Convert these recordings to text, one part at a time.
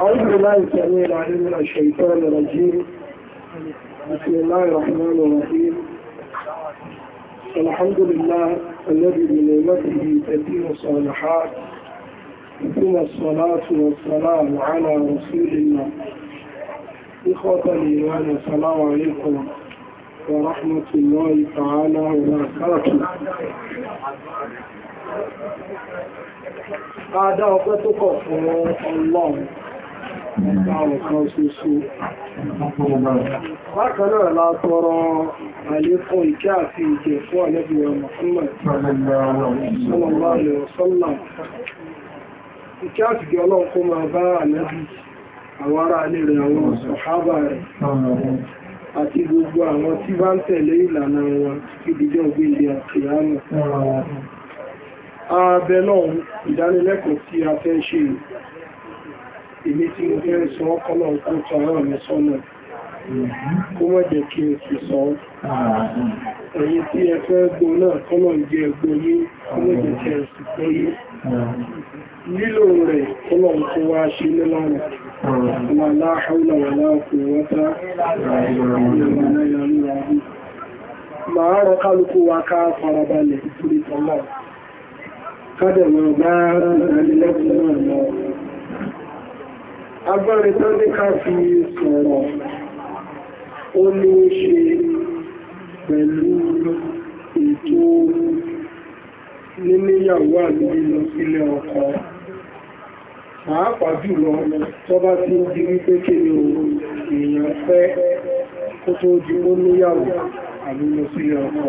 أعوذ بالله السميع العليم من الشيطان الرجيم بسم الله الرحمن الرحيم الحمد لله الذي بنعمته تتم الصالحات ثم الصلاة والسلام على رسول الله إخوة الإيمان السلام عليكم ورحمة الله تعالى وبركاته Adá ọpẹ́ tó kọ̀ fún Ọlọ́run àwọn kan ṣoṣo. Bákan náà la tọrọ àlékún ìkẹ́ àti ìjẹ fún àlẹ́bí ọmọ Ìkẹ́ àti ìjẹ Ọlọ́run kó máa bá àlẹ́bí àwọn ará alé rẹ̀ àwọn sọ̀hábà àti gbogbo àwọn tí bá ń tẹ̀lé ìlànà wọn ìdíjọ́ gbé ilẹ̀ àti àmì abẹ náà ìdánilẹ́kọ̀ọ́ tí a fẹ́ ṣe èmi tí mo fẹ́ sọ ọkọ̀lọ̀ kó tọ̀rọ̀ mi sọ́nà kó mọ́ jẹ́ kí n sì sọ ẹ̀yin tí ẹ fẹ́ gbọ́ náà kọ́lọ̀ jẹ́ ẹgbọ́ yé kó mọ́ jẹ́ kí ẹ sì gbọ́ yé lílò rẹ̀ kọ́lọ̀ tó wá ṣe nílànà wàlá haúlà wàlá kò wọ́tá màá rọ kálukú wa ká farabalẹ̀ ìtúrí kọ́dẹ̀ mọ̀ bá ìdánilẹ́kùn náà lọ. Agbára tó ní ká fi sọ̀rọ̀, ó ní ṣe pẹ̀lú ètò níníyàwó àlúgbé lọ sílé ọkọ. Pàápàá jùlọ tó bá ti ń di wípé kéde òun èèyàn fẹ́ kó tó di ó níyàwó àlúgbé sílé ọkọ.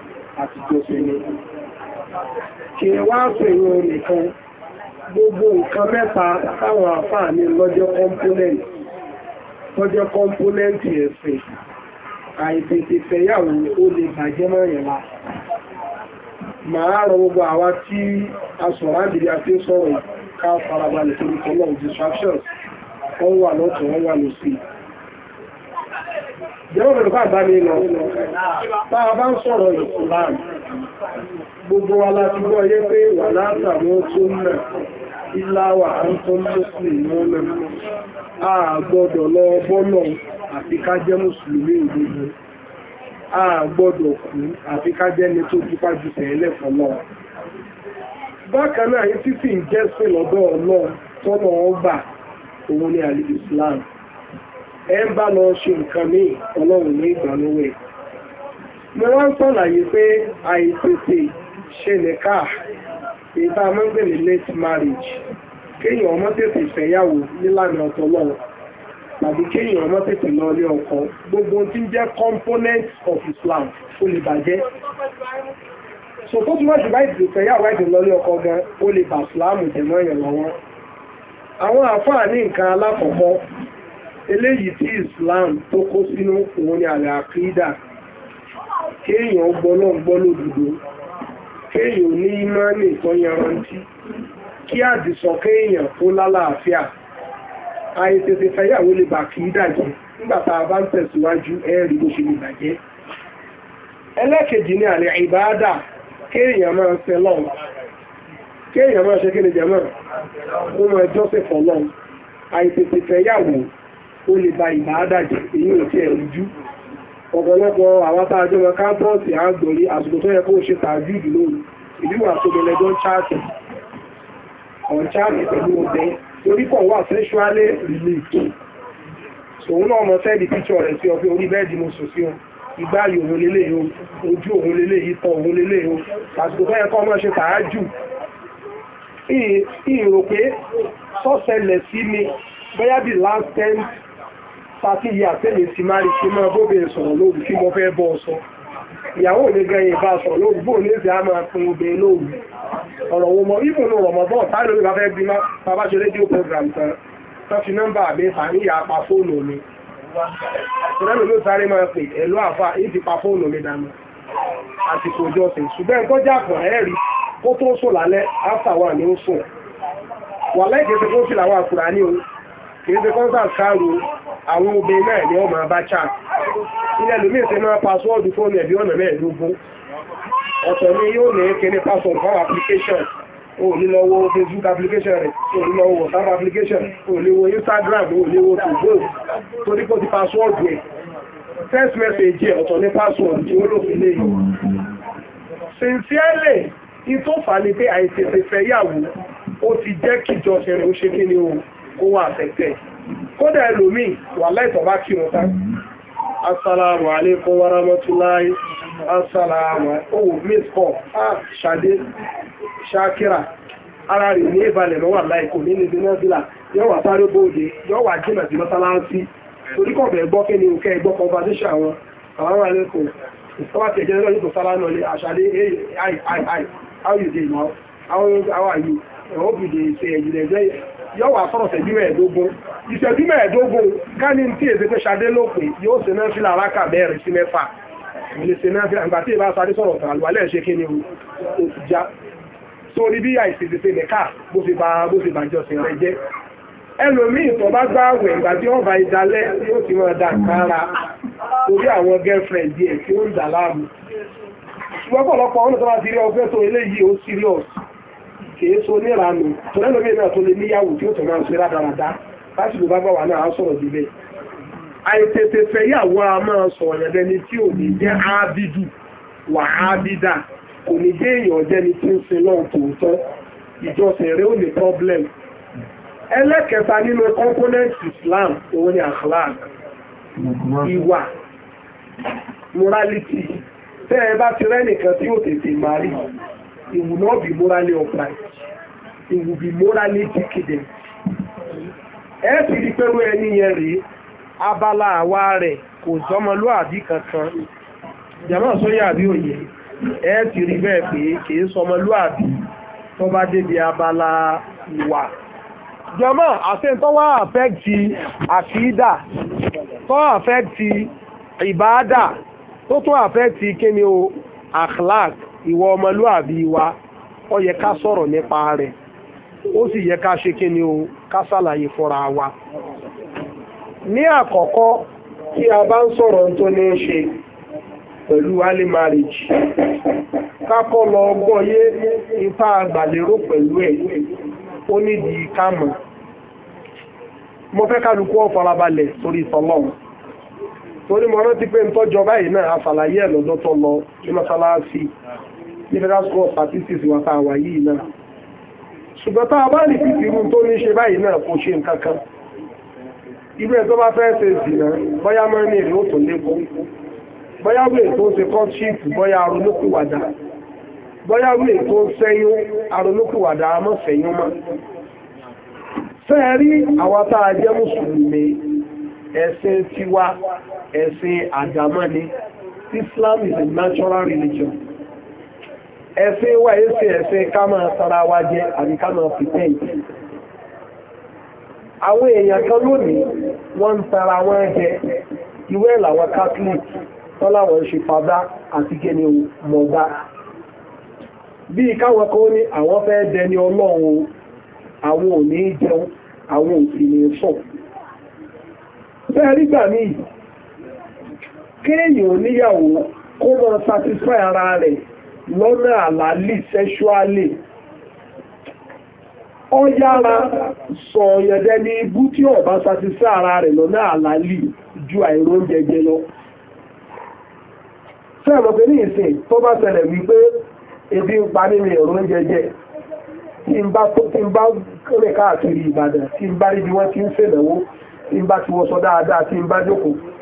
àti jọ́sẹ̀lẹ̀. Kì í wá pèrò nìkan, gbogbo nǹkan mẹ́ta táwọn àfáà ní lọ́jọ́ kọ́mpónẹ́ǹtì, lọ́jọ́ kọ́mpónẹ́ǹtì ẹ̀sìn, àìtètè fẹ́yàwó ó lè bàjẹ́ mọ́yìn la. Màá rọ gbogbo àwa tí a sọ̀rọ̀ àdìrí àti sọ̀rọ̀ ká farabalẹ̀ torí kọ́lọ̀ distractions, wọ́n wà lọ́tọ̀ wọ́n wà lọ́sí jẹ́wọ́n lọ́dọ̀ bá dáni lọ bá a bá ń sọ̀rọ̀ ìsìláàmù gbogbo alájúgbọ́ ayé pé wà látàmú tó mẹ́ ìláwà tó mọ́sùlùmí mọ́nà a gbọ́dọ̀ lọ bọ́lọ̀ àfi ká jẹ́ mùsùlùmí òdodo a gbọ́dọ̀ kú àfi ká jẹ́ ni tó jípa ju tẹ̀lẹ̀ fọlọ́ bákan náà yìí títí ń jẹ́sìn lọ́dọ̀ ọlọ́ tọ́nà ọgbà òun ni àlè ìsìláàmù ẹ lọ ṣe nǹkan ní ọlọ́run ní ìgbà mo wá ń sọ̀làyé pé àìtètè ṣe nìka amọ́gbẹ̀lẹ̀ late marriage kéèyàn ọmọ tètè fẹ́yàwó nílànà ọ̀tọ̀lọ́run tàbí kéèyàn ọmọ tètè lọ ọkọ gbogbo tí ń jẹ́ of Islam ó lè bàjẹ́ fẹ́yàwó ẹ̀dùn ọkọ gan ó lè jẹ̀mọ́ lọ́wọ́ àwọn àfáà ní nǹkan eléyìí tí Islam tó kó sínú òun ni àlẹ́ àkídà kéèyàn gbọ́lọ́gbọ́ lódodo kéèyàn ní ìmánì tó yanrantí kí àdìsọ kéèyàn tó lálàáfíà àìtètè fẹ́yàwó lè bà kí dàjẹ́ nígbà tá a bá ń tẹ̀síwájú ẹ̀rí bó ṣe lè bàjẹ́ ẹlẹ́kejì ni àlẹ́ ìbáadà kéèyàn máa ń fẹ́ lọ́wọ́ kéèyàn máa ṣe kí ni jẹ́mọ́ ó máa jọ́sẹ̀ fọ́ lọ́wọ́ àìtètè fẹ́yàwó ó lè ba ìbáadàjẹ́ èyí ò tí ẹ̀ rújú ọ̀pọ̀lọpọ̀ àwọn tá a jọ wọn káńpọ̀ọ̀sì á gbòrí àsìkò tó yẹ kó ṣe tààjú ìlú lóru ìlú wà tó bẹ̀rẹ̀ jọ chaati ọ̀n chaati pẹ̀lú ọ̀bẹ torí kàn wà sexually relieved òun náà mọ sẹ́ẹ̀dì píṣọ̀ rẹ̀ sí ọ pé orí bẹ́ẹ̀dì mo sùn sí ọ ìgbà yìí òun lélẹ̀ yìí ojú òun lélẹ̀ yìí tọ̀ òun lélẹ̀ yìí àsìkò tó yẹ kó ọmọ ṣe tààjú ìrò pé sọ́sẹ̀lẹ̀ sí mi bóyá bí last ten pàtí ìyá àtẹ́lẹ̀ ti máa rí kí máa bóbe sọ̀rọ̀ lóru kí mo fẹ́ bọ́ sọ ìyàwó mi gan yìí bá sọ̀rọ̀ lóru bóun lè fi á máa pin obìnrin lóru ọ̀rọ̀ wo mọ ibùn ní rọ̀mọ́bọ́n táyé lórí bá fẹ́ bí bàbá ṣe rédíò program tán tán fi nọ́mbà mi fà ní ìyá apá fóònù mi ìrẹ́lù ló sáré máa pè ẹ̀lú àfa èyí ti pa fóònù mi dànù àsìkò ìjọsìn ṣùgbọ́n ẹ̀kọ́ jàpọ̀ ẹ̀rí kó tó sùn lálẹ́ áfà wà ní ó sùn wà lẹ́ẹ̀kẹ́ tó fi làwọn àkùrà ní òun kì í ṣe kọ́ńtà kárù àwọn obìnrin náà ni wọ́n máa bá chat ilẹ̀ lómi ìṣe máa pàṣọ́ọ̀dù fóònù ẹ̀bí ọ̀nà mẹ́ẹ̀ẹ́dógún ọ̀tọ̀ ni yóò ní kíní pàṣọ́ọ̀dù fáwọn application olílọ́wọ́ facebook application rẹ̀ olílọ́wọ́ whatsapp application olíwọ́ instagram olíwọ́ tòbó torí kó ti password rẹ̀ text message ọ̀tọ̀ ní password tí ó lò fi lè yìí sincerely in tó fà ní pé àìtètè fẹ́yàwó ó ti jẹ́ kíjọ ṣẹlẹ̀ ó ṣe kí ni o o wà tẹ́tẹ́ kódà ẹlòmíì wà láìtọ̀ bá kírun tán assalamu alaikum wa rahmatulahi assalamu owó oh, miss call ah ara rẹ̀ ní ìbalẹ̀ lọ́wọ́ àláìkò nínú sáré jìnà ni you now how are you yóò wà sọ̀rọ̀ ṣẹ́jú mẹ́ẹ̀ẹ́dógún ìṣẹ́jú mẹ́ẹ̀ẹ́dógún káni tí èdè pé ṣadé lópin yóò ṣe náà fílà aráka mẹ́rin sí mẹ́fà lè ṣe náà fílà àgbàtí ìbá sáré sọ̀rọ̀ tàn àlùwalẹ̀ ṣe kí ni o ti já sórí bí àìsèdè ṣe nìka bó ṣe bá bó ṣe bàjọ́ sí rẹ jẹ́ ẹlòmíì tó bá gbá àwẹ̀ ìgbà tí wọ́n bá ìdálẹ́ yóò ti máa dà kára torí àwọn girlfriend díẹ̀ tí ó ń dà láàmú ṣùgbọ́n pọ̀lọpọ̀ ọ̀nà tó bá ti rí ọgbẹ́ tó eléyìí ó serious kìí so níranù tọ́lẹ́ lómi náà tó lè níyàwó tí ó tọ̀ máa ṣe rádaràdá láti ló bá bá wà náà sọ̀rọ̀ síbẹ̀ àìtètè fẹ́yàwó a máa sọ̀rọ̀ yẹn dẹni tí ò ní jẹ́ ábídù wà ábídà kò ní jẹ́ èèyàn jẹ́ni tí ń sin lọ́hùn tòótọ́ ìjọsìn rẹ̀ ó ní problem ẹlẹ́kẹta nínú component Islam òun ni akhlaq ìwà morality tẹ́ ẹ bá ti rẹ́nìkan tí ó tètè máa rí it will not be morally upright it will be morally decadent ẹ ti rí pẹ̀lú ẹni yẹn rèé abala àwa rẹ̀ kò sọmọlúàbí kankan jàmọ́ sóyà àbí òye ẹ ti rí bẹ́ẹ̀ pé kìí sọmọlúàbí tó bá débi abala ìwà jọmọ́ àṣẹ́ntọ́ wá àfẹ́ẹ̀tì àkídà tó àfẹ́ẹ̀tì ìbáàdà tó tún àfẹ́ẹ̀tì kíni o akhlaq ìwọ ọmọlúàbí wa ó yẹ ká sọ̀rọ̀ nípa rẹ̀ ó sì yẹ ká ṣe kíni o ká ṣàlàyé fúnra wa. ní àkọ́kọ́ tí a bá ń sọ̀rọ̀ tó ní í ṣe pẹ̀lú early marriage kọ́ lọ gbọ́yé ipá àgbàlérò pẹ̀lú ẹ̀ ó nídìí ká mọ̀ mo fẹ́ kálukú torí mo rántí pé lọ ní ní school of statistics wà tá wà yìí náà ṣùgbọ́n a bá lè fi irú tó ní ṣe báyìí náà kò ṣe nǹkan kan tó bá fẹ́ ṣe ìsìnà bóyá mọ́rin èrè ó tó lékún bóyá tó ṣe kọ́ńtíìpù bóyá aronúkúwàdà bóyá wíì tó ṣẹ́yún aronúkúwàdà àmọ́ ṣẹ́yún mọ́ sẹ́ẹ̀rí àwọn tá a jẹ́ mùsùlùmí ẹ̀sìn tiwa ẹ̀sìn àdámọ́ni Islam is a natural religion ẹ̀sìn wa ẹ̀sìn ẹ̀sìn ká máa wa jẹ àbí ká máa fi àwọn kan lónìí wọ́n tara won je ìwé làwọn catholic Tola ń ṣe fada àti kéde mọ̀gbá bíi káwọn kan ní àwọn fẹ́ dẹni ọlọ́run àwọn ò ní jẹun àwọn ò sì ní sùn bẹ́ẹ̀ nígbà míì kéèyàn níyàwó lọ́nà àlàálì sẹ́ṣúálì ó yára sọ ọ̀yẹ̀dẹ́ ní ibú tí ọ̀bá satisá ara rẹ̀ lọ́nà àlàálì ju àìrò lọ sẹ́ẹ̀mọ̀ ní ìsìn tó bá wípé ebi ń pa nínú ẹ̀rọ jẹjẹ tí bá káàkiri Ìbàdàn tí bá ti ń ṣèlẹ̀wó tí ti wọ́sọ dáadáa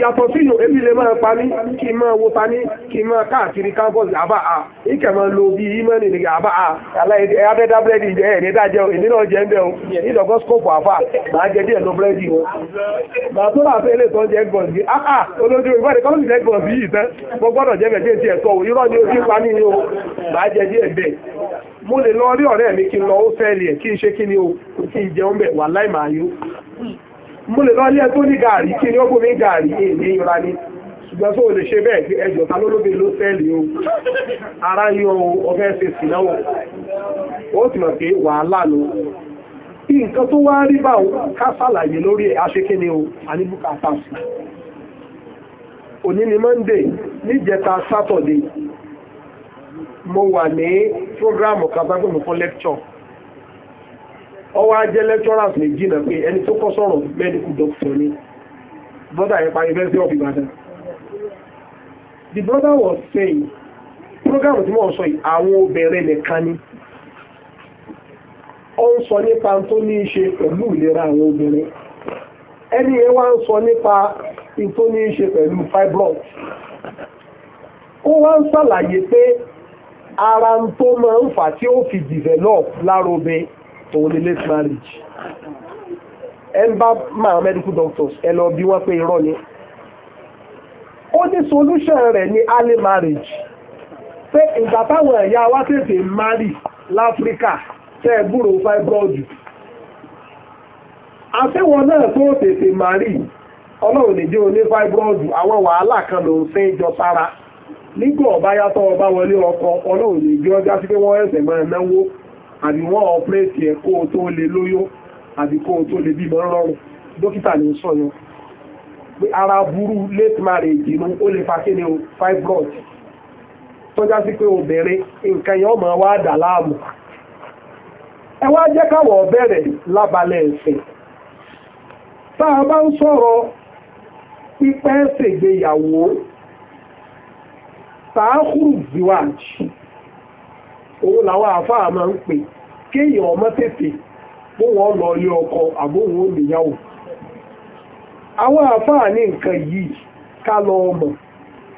yàtọ̀ sí yòó ebi lè máa pa kí n máa wo ta ní kí n máa káàkiri campus àbá a ìkẹ́ máa lo bí ìmọ̀nì àbá a abẹ́dá búrẹ́dì ẹ̀ ẹ̀ nígbà jẹun èmi náà jẹ́ ń bẹ̀ o ìdọ̀gọ́ skóòpù àfà máa jẹ díẹ̀ lọ búrẹ́dì wọn. Ah, ah olójú ní yìí tán mo gbọ́dọ̀ jẹ́ o mo lè lọ ilé tó ní gàárì kí ni ó bù mí èdè ìra ni ṣùgbọ́n tó lè ṣe bẹ́ẹ̀ ẹjọ́ ta ló lóbi ló tẹ́lẹ̀ o ara yọ ọfẹ́ ṣe sì náà ó ti mọ̀ pé wàhálà ló bí nǹkan tó wá rí bá ká ṣàlàyé lórí aṣekéni o àníbùkà monday níjẹta saturday mo wà ní prógráàmù kan ọwọ́ ajẹ́ lecturers méjì náà pé ẹni tó kọ́ sọ̀rọ̀ medical doctor ni brother yẹn pa University of Ibadan the brother was saying program tí wọ́n sọ yìí àwọn obìnrin nìkan ni ó ń sọ nípa tó ní í ṣe pẹ̀lú ìlera àwọn obìnrin ẹni yẹn wá ń sọ nípa tó ní í ṣe pẹ̀lú fibroid ó wá ń ṣàlàyé pé ara tó máa ń fà tí ó fi develop lára obìnrin òun ni late marriage ẹ ń bá máa medical doctors ẹ lọ bí wọ́n pé irọ́ ni ó ní solution rẹ̀ ní early marriage pé ìgbà táwọn ẹ̀yà wa tètè marry láfíríkà tẹ́ ẹ gbúrò fibroid àtẹ́wọ̀n náà tó tètè marry ọlọ́run nìjẹ́ oní fibroid àwọn wàhálà kan ló ń fẹ́ jọ sára nígbà ọ̀bá yàtọ̀ ọba wọlé ọkọ ọlọ́run nìjẹ́ ọjà sí pé wọ́n ẹ̀sẹ̀ máa náwó àbí wọ́n ọ̀pẹ́ẹ̀tì ẹ̀ kó o tó lè lóyún àbí kó o tó lè bímọ rọrùn dókítà ní sọ̀yàn pé ara burú late marriage inú ó lè fa kíni o fibroid tọ́já sí pé obìnrin nǹkan yẹn ọmọ wa dà láàmú ẹ wá jẹ́ káwọ̀ bẹ̀rẹ̀ lábalẹ̀ ẹ̀sìn tá a bá ń sọ̀rọ̀ pípẹ́ ṣègbéyàwó tààkùrù ziwájì òun làwọn àáfàá máa ń pè kéèyàn ọmọ tètè bó wọn lọ ilé ọkọ àbóhùn olùyàwó àwọn àáfàá ní nǹkan yìí ká lọ ọmọ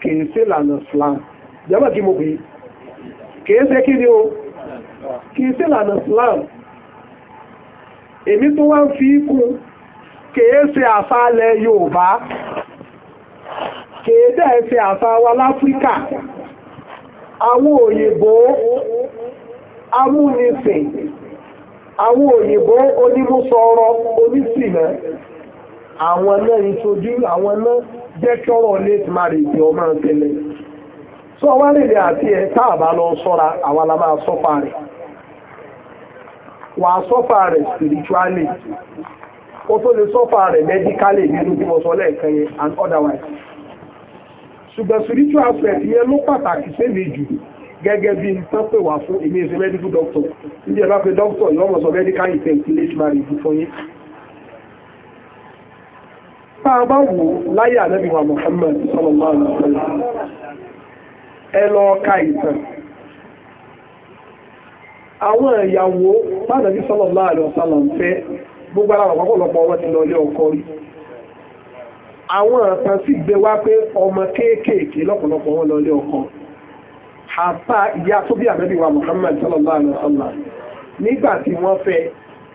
kèé sí lànà Islam jẹ́mọ̀ kí mo pè é kèé sí kí ni o kèé sí lànà Islam èmi tó wá ń fi kún kèé ṣe àṣà ilẹ̀ Yorùbá kèé dẹ̀ ṣe àṣà wa láfíríkà àwọn òyìnbó amúnisìn àwọn òyìnbó onímúsọ̀rọ̀ onísìnà àwọn náà ìṣojú àwọn náà jẹ́ kọ́rọ̀ late marriage ọmọ ìpínlẹ̀ sọ wá lèdè àti ẹ̀ tá a bá lọ sọ́ra àwa la máa sọ́fà rẹ̀ wà á rẹ̀ spiritually ó tó lè sọ́fà rẹ̀ medically nínú bí mo sọ lẹ́ẹ̀kan yẹn and otherwise ṣùgbọ́n spiritual aspect yẹn ló pàtàkì sẹ́mi jù gẹ́gẹ́ bí n tán pè wá fún èmi ìṣe medical doctor níbi ẹ̀bá pé doctor yóò mọ̀ sọ medical effect late marriage fún yín. bá a bá wò láyé ànábì wa Muhammad sallallahu alaihi wa sallam ẹ lọ ka ìtàn àwọn ìyàwó bá ànábì sallallahu alaihi wa sallam fẹ́ gbogbo ara ọ̀pọ̀lọpọ̀ wọn ti lọ ilé ọkọ rí àwọn kan sì gbé wá pé ọmọ kéékèèké lọ́pọ̀lọpọ̀ wọn lọlé ọkọ àbá ìyá tó bí ànábì wa Muhammad sallallahu alaihi wa sallam nígbà tí wọ́n fẹ́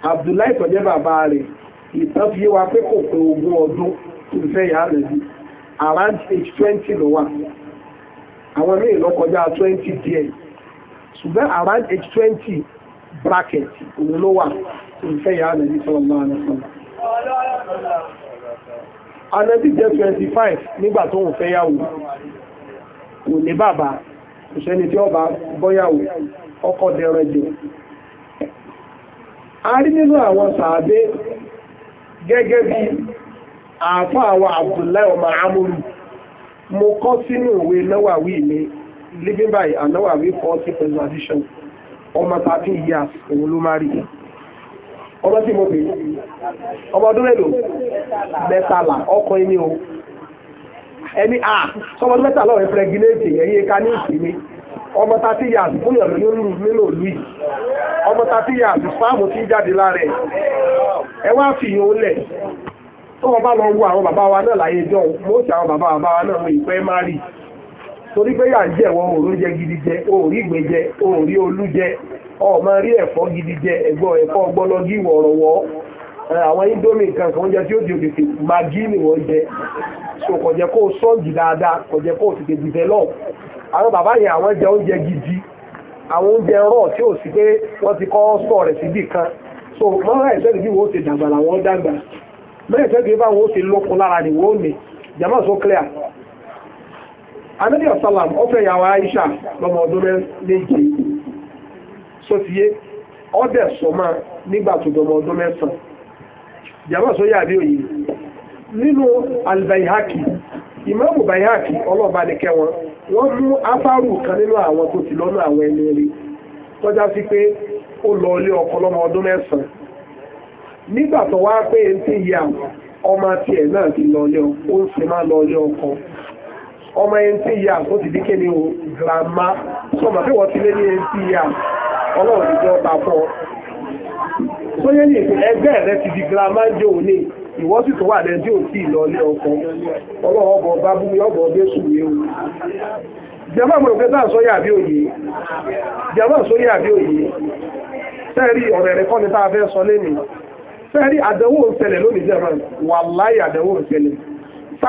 Abdullahi tó jẹ́ bàbá rẹ̀ ìtàn fi yé wa pé kò pé ogún ọdún tó fẹ́ yà á lẹ́bí around age twenty ló wà àwọn míì lọ kọjá twenty díẹ̀ ṣùgbọ́n around age twenty bracket òun ló wà tó fẹ́ yà á lẹ́bí sallallahu alaihi wa sallam anabi jẹ́ twenty five nígbà tó ń fẹ́yàwó kò ní bàbá kò sẹ́ni tí ọba bọ́yàwó ọkọ dẹrẹ jù a rí nínú àwọn sàábé gẹ́gẹ́ bí àáfàá àwọn Abdullahi ọmọ amúlù mo kọ́ sínú ìwé náwàwí mi living by anáwàwí forty preservation ọmọ thirteen years òun ló má rí i. ọmọ tí mo pè é ọmọ ọdún mẹ́tàlá ọkọ ẹni o ẹni a sọmọ ọdún mẹ́tàlá ọ̀rẹ́ pẹ̀lẹ́gìlẹ́tì ẹ̀yìn ẹ̀ka ní ìsinmi ọmọ tàbí yàtì fún ìyọ̀nà nínú nínú yìí ọmọ fáàmù tí jáde ẹ wá fi tó wọn yà ń ọmọ rí ẹ̀fọ́ gidi jẹ ẹ̀gbọ́ ẹ̀fọ́ ọgbọ́lọ́gí wọ̀rọ̀wọ́ àwọn indomie nǹkan kan oúnjẹ tí ó di magi ni jẹ so kọjẹ kó dáadáa develop àwọn bàbá yẹn àwọn jẹ oúnjẹ gidi àwọn oúnjẹ tí ò sí pé wọ́n ti kọ́ rẹ̀ kan so mọ́nà ẹ̀sẹ̀ ti dàgbà làwọn dàgbà ẹ̀sẹ̀ báwọn ó ti lókun lára ni wọ́n jama so clear anabi asalam Aisha ọdún sófiyé ọdẹ sọmọ nígbà tó dọmọ ọdún mẹ́sàn-án jàmọ́ nínú albayhaki ìmáàmù bayhaki ọlọ́ọ̀bá ni wọn mú afárù kan nínú àwọn tó ti lọ́nà àwọn ẹni rí tọ́já sí pé ó lọ ilé ọkọ lọ́mọ ọdún mẹ́sàn nígbà tó wá pé ti lọ ilé ọkọ ó sì máa lọ ilé ọkọ ọmọ eighteen years ó ti di kéde o grandma Sọ ma fi wọ́n ti lé ní eighteen years ọlọ́run ti jẹ́ ọ̀tá fún ẹgbẹ́ rẹ ti di girama jẹ́ òní ìwọ́n sì tó wà lẹ́yìn tí ò tí ì ọkọ ọlọ́run ọgbọ̀n bá bú mi ọgbọ̀n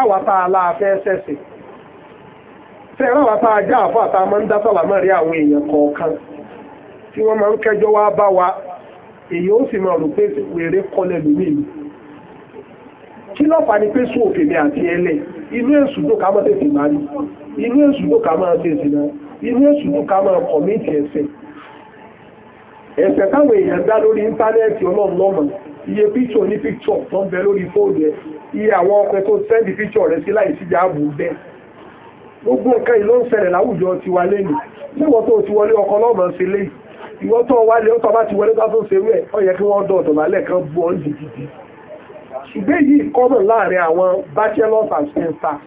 bẹ́ẹ̀ o ṣe ẹ̀rọ àtà ajá àfọ́ àtà máa ń dá sàlámà rí àwọn èèyàn kọ̀ọ̀kan tí wọ́n máa ń kẹjọ́ wá bá wa èyí ó sì máa rò pé wèrè kọlẹ̀ lómi mi kí lọ́fà ni pé sún òfin mi àti ẹlẹ̀ inú èsù ló ká máa tètè máa rí inú èsù ló ká máa tètè náà inú èsù ló ká máa kọ̀míìtì ẹ̀ṣẹ̀ ẹ̀ṣẹ̀ táwọn èèyàn dá lórí íńtánẹ́ẹ̀tì ọlọ́run lọ́mọ iye píṣọ̀ ní píṣọ̀ tó ń bẹ lórí fóònù ẹ̀ iye àwọn ọkùnrin tó sẹ́ndì píṣọ̀ rẹ̀ sí láì síjà ààbò bẹ́ẹ̀ gbogbo nǹkan ìlú ń ṣẹlẹ̀ láwùjọ ti wà lẹ́nu níwọ̀n tó ti wọlé ọkọ lọ́mọ sí lé ìwọ́n tó wálé ó tọ́ba ti wọlé tó tó ṣerú ẹ̀ ó yẹ kí wọ́n dọ̀ ọ̀tọ̀lálẹ̀ kan bu ọ́n jìjìjì ṣùgbẹ́ yìí kọ́mọ̀ láàrin àwọn bachelors and sisters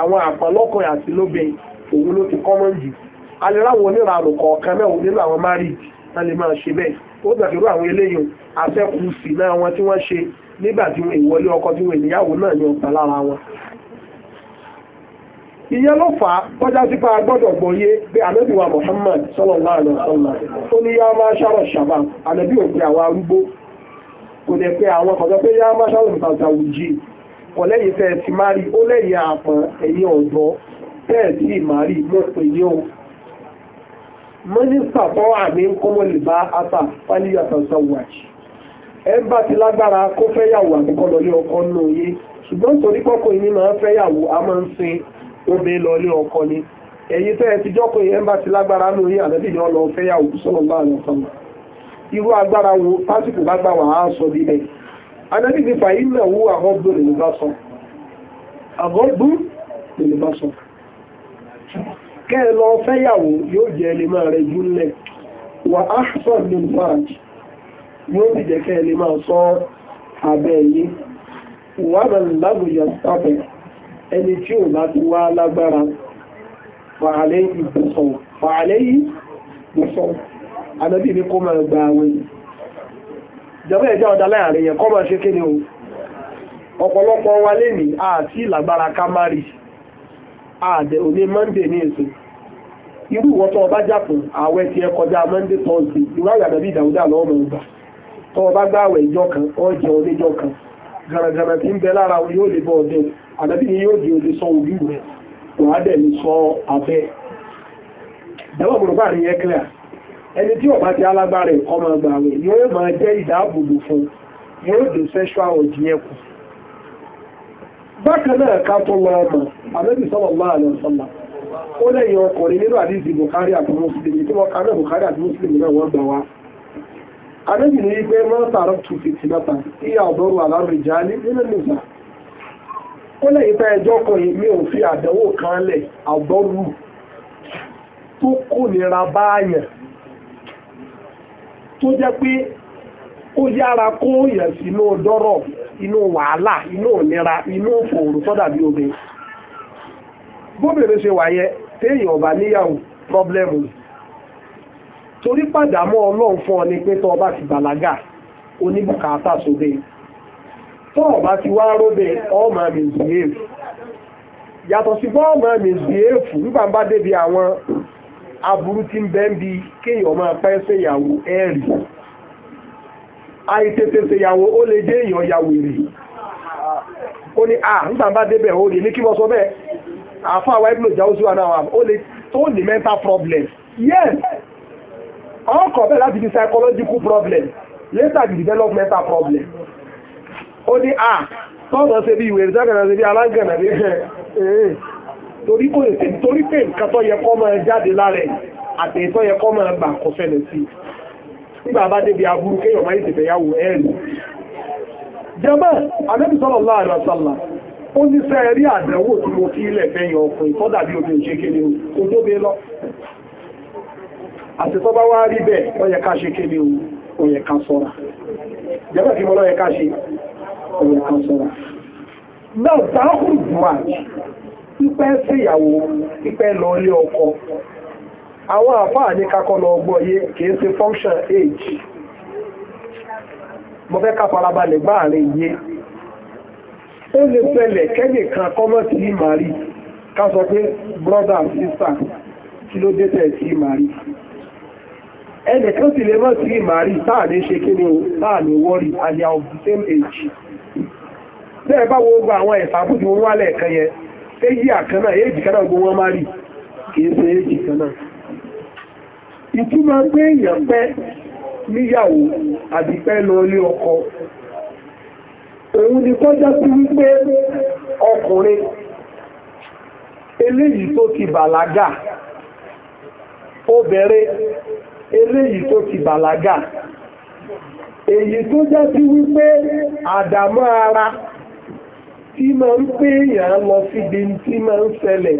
àwọn àpọ̀lọ́kọ̀ àti lóbìn òun ló ti kọ́mọ̀ jù aléráwọ̀ onírà àrùn kọ̀ọ̀kan náà nínú àwọn marriage náà lè máa ṣe bẹ́ẹ̀ ó dàbírú àwọn eléyìn àfẹ́kù sí náà wọn tí wọ́n ṣe nígbà tí wọ́n ìwọlé ọkọ tí wọ́n ìníyàwó náà ní ọ̀tá lára wọn ìyẹn ló fà á kọjá sípa gbọ́dọ̀ gbọ́yé pé ànábì wa Muhammad sallallahu alaihi wasallam tó ní yá máa ṣàrọ̀ ṣàbà ànábì ò pé àwọn arúgbó kò dẹ̀ pé àwọn kọjọ́ pé yá máa ṣàrọ̀ ìbàdàn òjì kọ̀ lẹ́yìn tẹ́ ti má rí ó lẹ́yìn àpọ̀n ẹ̀yìn ọ̀dọ́ tẹ́ ti má rí mọ́ pé ní o mínísítà tó wà ní kọ́mọ̀lì bá ata fáníyà tàǹtà wàjì ẹ bá ti lágbára kó fẹ́yàwó àbíkọ́ lọ ní ọkọ nù yé ṣùgbọ́n torí pọ́kùnrin ní máa fẹ́yàwó a máa ń sin obìnrin lọ ní ọkọ ni ẹ̀yin tẹ́ ẹ ti jọ́kọ̀ yẹn bá ti lágbára lórí ànábì ni ọlọ́ fẹ́yàwó sọ́lọ́ bá àlọ́ sọ́mọ́ irú agbára wo pásìkò bá gbà wà á sọ bí bẹ́ẹ̀ ànábì ní fàyín náà wú àgọ́gbó lèmi bá sọ àgọ́gbó lèmi bá sọ kẹ́ ẹ lọ fẹ́yàwó yóò jẹ́ lè máa rẹ jù ńlẹ̀ wà á sọ ní ìfàjì yóò sì jẹ́ kẹ́ ẹ lè máa sọ abẹ́ yìí wà á bẹ̀rẹ̀ lágùn yàtọ̀ ẹni tí ò láti wá lágbára fàálẹ́ ìbùsọ̀ anábì ní kó máa gba àwẹ̀ ìjọba ẹ̀já ọ̀dá láàrin yẹn kọ́ máa ṣe kéde o ọ̀pọ̀lọpọ̀ wa lè ní àti ìlàgbára kámárì ààdẹ̀ òní monday ní èso irú ọba ti ẹ kọjá monday thursday àdàbí ìdàwúdà lọ́wọ́ mọ̀ ọba gbá ìjọ kan ọjọ́ oníjọ kan gàràgàrà ń bẹ lára àdábí ni yóò di ojú sọ ojú rẹ̀ wà dẹ̀ ní sọ abẹ́ ẹwọ́n gbogbo àrí yẹn clear ẹni tí ọba ti alágbára ẹ̀kọ́ máa gbà rẹ̀ yóò máa jẹ́ ìdáàbòbò fún yóò dé sexual ọ̀dì yẹn kù bákan náà ká tó lọ ọmọ àbẹ́bí sọ́lọ̀ máa lọ sọ́lá ó lẹ́yìn ọkùnrin nínú àdíjì Bukhari àti Muslim tí wọ́n kárẹ̀ Bukhari àti Muslim náà wọ́n gbà wá mẹ́ta ìyá ọ̀dọ́rù alárùn ìjáálí nínú nìgbà ó lẹ́yìn pé ẹjọ́ kan yìí mi ò fi àdánwò kan lẹ̀ àbọ́rù tó kò nira báyàn tó jẹ́ pé ó yára kó yẹ̀ sínú dọ́rọ̀ inú wàhálà inú ònira inú òfòòrò sọ́dàbí obìnrin bóbìnrin ṣe wáyé téèyàn ọba níyàwó pọ́blẹ́mù torí pàdánù ọlọ́run fún ọ ní pé tó o bá ti bàlágà oníbùkátà sóde tó ọ̀bá ti wá róbẹ̀ ọmọ mìsìlẹ́fù yàtọ̀ sí fún ọmọ mìsìlẹ́fù nígbà bá débi àwọn aburú tí ń bẹ́ ń bi kéèyàn ọmọ apẹ́ ṣèyàwó ẹ̀rì àìtètè ṣèyàwó ó lè jẹ́ èèyàn ya wèrè ó ní à ah, nígbà bá débẹ̀ ó lè ní kí wọ́n sọ bẹ́ẹ̀ àfa àwọn ẹ̀bùn ìjà oṣù àná àwọn ó lè tó ní mental problem yes ọkọ̀ bẹ́ẹ̀ láti di psychological problem later di developmental problem ó ní à ah, tọ́ọ̀nà ṣe bí ìwé ìdágànà ṣe bí alágànà bí ẹ̀ẹ́ eh, torí kò lè torí pé nǹkan tó yẹ kọ́ máa jáde lára ẹ̀ àti tó yẹ kọ́ máa gbà kó fẹ́lẹ̀ sí i nígbà bá débi aburú kéèyàn máa ń tètè yàwó ẹ̀ẹ́lì jẹ́mọ́ anábì sallallahu alaihi wasallam ó ní sẹ́ rí àdánwò tí mo fi ilẹ̀ fẹ́yìn ọkùnrin tó dàbí omi òṣèkéle ojúbe lọ àti tó bá wá rí bẹ́ẹ̀ ó ká ṣe kéle ó yẹ ká ṣọ́ra jẹ́mọ́ kí mo ló ká ṣe ọ̀yẹ̀ kan sọ̀rọ̀ náà táwọn ìgbìmọ̀ àti pípẹ́ ṣèyàwó pípẹ́ lọ ilé ọkọ àwọn àfáà ní kakọ́ lọ gbọ́ yé kìí ṣe function age mo fẹ́ ká farabalẹ̀ gbáàrin yé ó lè pẹlẹ̀ kẹ́nìkan kọ́mọ̀tì ní màrí ká sọ pé brother and sister kí ló dé tẹ̀ sí màrí ẹnìkan sì lè mọ̀ sí màrí táà ní ṣe kí ni o táà ní wọ́rì àyà of the same age bẹ́ẹ̀ bá wo gba àwọn ẹ̀fà èyí àkànnà èjì kan náà wọn má rí kìí ṣe èjì kan náà ìtumọ̀ gbé èèyàn pẹ́ níyàwó àti pẹ́ ọkọ òun ni kọjá sí wípé ọkùnrin eléyìí tó ti bàlágà obìnrin eléyìí tó ti bàlágà èyí tó sí wípé tí máa ń pé èèyàn lọ síbi tí máa ń ṣẹlẹ̀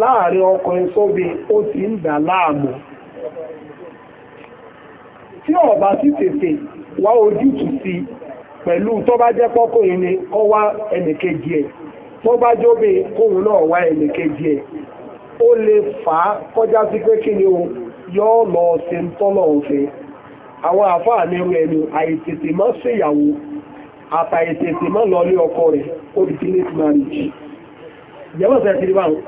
láàrin ọkùnrin sóbi ó ti ń dà láàmú tí ọba sì tètè wá ojútùú sí pẹ̀lú tó bá jẹ́ pọ́kùnrin ni kó wá ẹnìkejì ẹ̀ tó bá jóbe kóhun náà wá ẹnìkejì ẹ̀ ó lè fà á kọjá sí pé kí ni o yóò lọ ṣe ń tọ́lọ̀ ọ̀fẹ́ àwọn àfáà ní ẹni àìtètè mọ́ ṣèyàwó àtàìtẹ̀ẹ̀tẹ̀ mọ́ lọ lé ọkọ rẹ̀ ó di teenage marriage ìjẹ́bọ̀ fẹ́ ti rí báwọn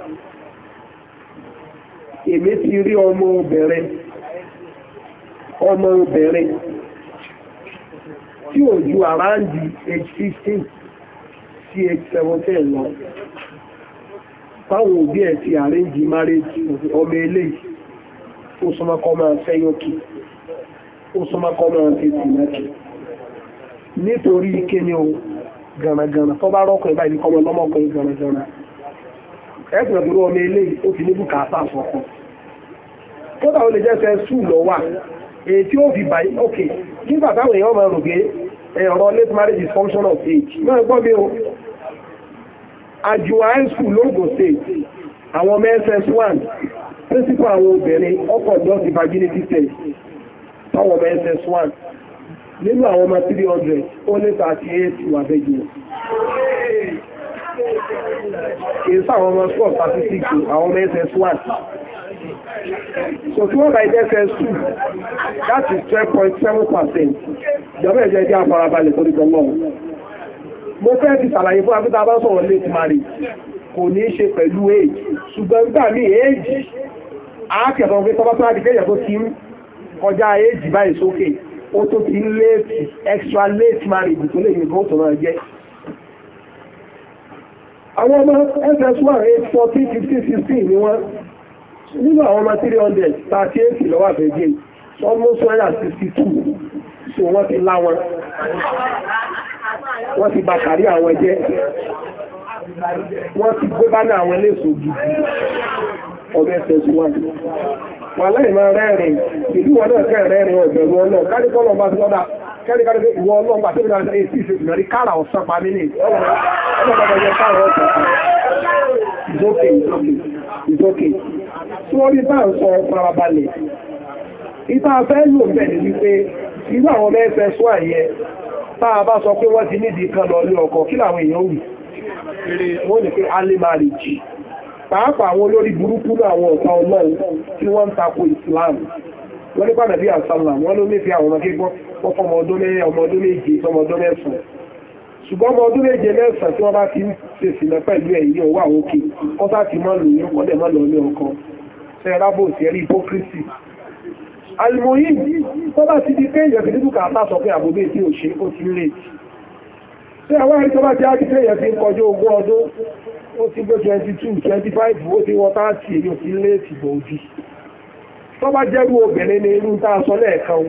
èmi ti rí ọmọ obìnrin ọmọ obìnrin tí ò ju àráǹdì age 15 sí age 17 lọ báwọn òbí ẹ̀ ti àríǹdì marriage ọmọ eléyìí ó súnmọ́kọ́ máa fẹ́ yókè ó súnmọ́kọ́ máa fẹ́ nítorí kíni o gànàgànà tó bá rọ́kọ̀ ẹ̀bá ìlú kọmọ lọ́mọkùnrin gànàgànà ẹ̀sìn ọ̀dọ́rọ̀ ọmọ eléyìí ó ti ní bùkátà fọ́kàn kódà ó lè jẹ́ sẹ́ sùn lọ wà èyí tí ó fi bàyí òkè kí bàbá àwọn èèyàn máa rò pé ẹ̀rọ eh, late marriage is function of age náà gbọ́ mi o àjùwà high school lóògùn state àwọn ọmọ ss1 principal àwọn obìnrin ọkọ̀ ìjọ ti virginity test táwọn ọmọ ss1 nínú àwọn ọmọ 300 ó lé 38 wà bẹ́ẹ̀ jù kìí sáwọn ọmọ school statistics àwọn ọmọ ss1 so tí wọ́n bá ilé ss2 that is 12.7 percent ìjọba ẹ̀jẹ̀ jẹ́ àfarabalẹ̀ tó dìgbọ́n lọ́wọ́ mo fẹ́ fi ṣàlàyé fún abúta bá sọ̀rọ̀ late marriage kò ní í ṣe pẹ̀lú age ṣùgbọ́n nígbà mí age àákẹ́bọ̀n pé tọ́bátọ́ àdìgbẹ́yẹ̀ tó ti ń kọjá age báyìí sókè ó tó ti late extra late marriage tó lè yìí kó tó náà jẹ́ àwọn ọmọ ss1 8 14 15 16 ni wọ́n nínú àwọn ọmọ 300 38 lọ́wọ́ àfẹ́jẹ́ almost 162 so wọ́n ti lá wọn wọ́n ti bà kàrí àwọn ẹjẹ́ wọ́n ti gbé bá ní àwọn ilé ìsògì ọmọ ss1 wà láì máa rẹ́rìn ìlú wọn náà kẹ́ rẹ́rìn ọ̀gbẹ̀rún ọlọ́ káríkọ́ lọ bá ti lọ́dà kẹ́ríkọ́ lọ ìwọ ọlọ́ gbà tóbi náà èsì ìṣègùn rí kára ọ̀sán pa mí ní ìzókè tí wọ́n rí bá ń sọ farabalẹ̀ ìta fẹ́ lò bẹ̀rẹ̀ wípé irú àwọn mẹ́fẹ́ sọ àyẹ tá a bá sọ pé wọ́n ti nídìí kan lọ lé ọkọ̀ kí làwọn èèyàn wù pàápàá àwọn olórí burúkú náà àwọn ọ̀tá ọlọ́run tí wọ́n ń tako Islam wọ́n nípa nàbí àsálà wọ́n ló nífẹ̀ẹ́ àwọn ọmọ kéèkọ́ ọkọ̀ ọmọ ọdún mẹ́rin ọmọ ọdún méje ọmọ ọdún mẹ́sàn-án ṣùgbọ́n ọmọ ọdún méje mẹ́sàn-án tí wọ́n bá ti ń fèsì lọ pẹ̀lú ẹ̀yìn ọwọ́ àwọn òkè wọ́n sá ti máa lòyún wọ́n dẹ̀ máa lọ ní ọkọ sẹ́rábò sí ẹ̀rí hypocrisy alimoyin tó bá ti di pé ìyẹ̀fì nínú kàtà sọ pé àbúgbé tí ò ṣe ó ti ń rèé tí àwọn ẹ̀rí tó bá ó ti gbé twenty two twenty five ó ti wọ táàtì èyí ò ti lé ìtìgbò òdì tó bá jẹ́rú obìnrin ní irú tá a sọ lẹ́ẹ̀kan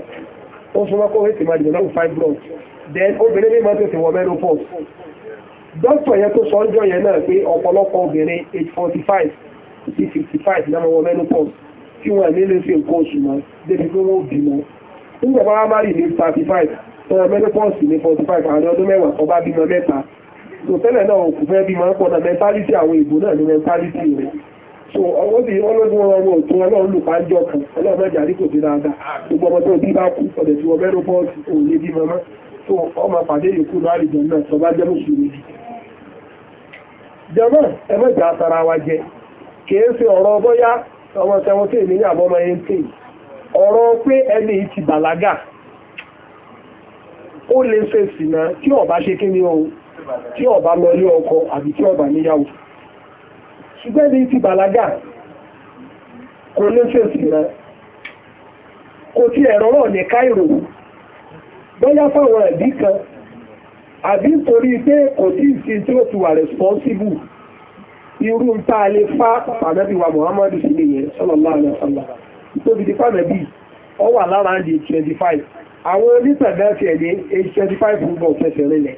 ó súnmọ́ kó hẹ́tì máa dìbò fibroid then obìnrin ní máa tètè wọ menopause dókítà yẹn tó sọ ọjọ́ yẹn náà pé ọ̀pọ̀lọpọ̀ obìnrin age forty sí fifty five náà máa wọ menopause tí wọ́n ní lè fi nǹkan oṣù mọ́ débi pé wọ́n bímọ nígbà bá wá má rí ní thirty five so tẹ́lẹ̀ náà kò fẹ́ bí máa ń pọ̀ náà mẹ́ntálítì àwọn ìbò náà ní so ọwọ́ sí ọlọ́dún wọn wọn òtún ọlọ́run lò pàjọ kan ọlọ́run mẹ́jà rí kò sí dáadáa gbogbo ọmọ tó bí bá kú ọ̀dẹ̀ tí wọ́n bẹ́rù bí so ọmọ pàdé yòókù náà àlejò náà sọ bá jẹ́ mùsùlùmí wa jẹ tí ọba lọ ilé ọkọ àbí tí ọba níyàwó ṣùgbọ́n ní ti bàlágà kò lè fèsì rẹ kò tí ẹ̀rọ ní káìrò fáwọn ẹ̀bí kan àbí nítorí pé kò tí ì sí tí ó ti wà responsible irú ń lè fá Muhammadu sí nìyẹn ti ọ wà lára twenty five àwọn ní twenty five fẹsẹ̀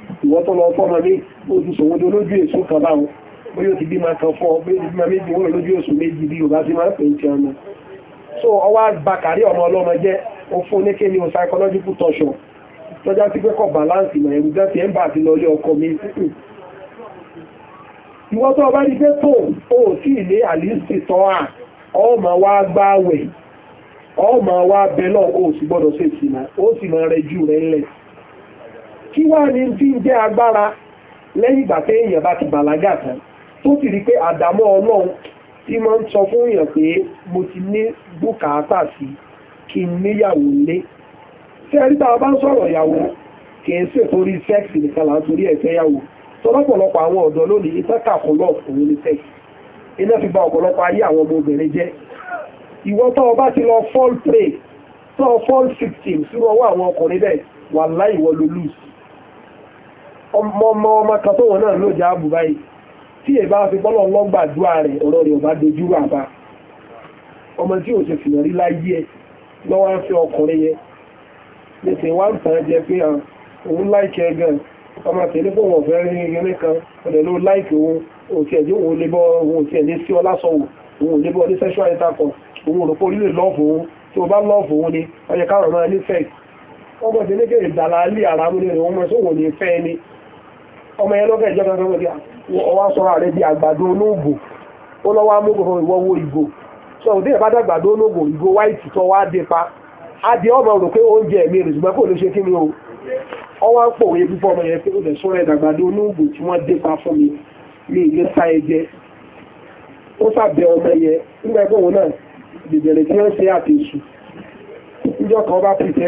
ìwọ́ tó lọ fọ́mọ mi ó ti sòwò tó lójú èso kan báwọn bí ó ti bí máa kan fọ́ méjì wọ́n lójú èso méjì bí yorùbá ti máa ń ń ti ọmọ so ọwá bakari ọmọ ọlọ́mọ jẹ́ ó fún ní kéde o psychological torture tọ́já sí pé balance ìmọ̀ ẹ̀rù gẹ́sì ẹ̀ ń bà ti lọ ilé ọkọ mi ìwọ́ tó ọba ní pé tó o sì ilé àlìsì tọ́ à ọmọ wa gbáwẹ̀ ọmọ kí wá ní tí ń jẹ́ agbára lẹ́yìn ìgbà pé èèyàn bá ti bàlágà tán tó sì rí pé àdámọ́ ọlọ́run tí máa ń sọ fún èèyàn pé mo ti ní bùkátà sí kí n níyàwó lé tí ẹni tá a bá ń sọ̀rọ̀ ìyàwó kì í ṣe torí sẹ́ẹ̀sì nìkan là ń torí ẹ̀fẹ́ yàwó tọ́lọ́pọ̀lọpọ̀ àwọn ọ̀dọ́ lónìí ìtọ́ka fún lọ́ọ̀fù ní sẹ́ẹ̀sì iná fi ba ọ̀pọ̀lọpọ̀ ayé àwọn ọmọ obìnrin jẹ́ ìwọ tó o ti lọ fall play tó fall victim sínú ọwọ́ àwọn ọkùnrin bẹ́ẹ̀ wà láì wọ lulú ọmọ ọmọ ọmọ kan tóun náà ló jẹ́ àbù báyìí tí èbá fi bọ́lọ̀ lọ́gbàdúrà rẹ̀ ọ̀rọ̀ rẹ̀ ò bá dojú wà bá ọmọ tí ò ṣe fìyà rí láyé ẹ lọ́wọ́ á fi ọkùnrin yẹn lẹ́sẹ̀ wá ń tàn jẹ pé ah, òun láìkẹ́ gan ọmọ tẹ̀lé fún òun ọ̀fẹ́ rí yẹn kan ọ̀dẹ̀ ló láìkẹ́ òun òtí ẹ̀jẹ̀ òun lè bọ́ òun òtí ẹ̀jẹ̀ sí ọlá sọ̀wọ̀ òun lè bọ́ ni ọyẹ ọmọ yẹn lọ́fẹ̀ẹ́ ìjọba ọmọ yẹn ọwọ́ sọ ààrẹ di àgbàdo olóògbò ó lọ́wọ́ amóhùn ìwọ́wọ́ ìgò sọ òdì ìbádà àgbàdo olóògbò ìgò wáìtì tó wá dé pa adé ọmọ rò pé oúnjẹ ẹ̀mí rẹ̀ ṣùgbọ́n kò lè ṣe kí ni o ọwọ́ ń pòwe fífọ́ ọmọ yẹn pé ó dẹ̀ sọ́rọ̀ ìdàgbàdo olóògbò tí wọ́n dé pa fún mi ní ilé ta ẹ̀jẹ̀ ó sàbẹ̀ ọmọ yẹn nígbà ẹgbẹ́ òun náà bìbẹ̀rẹ̀ tí wọ́n ṣe àtẹ̀sù níjọ́ kan bá pìtẹ́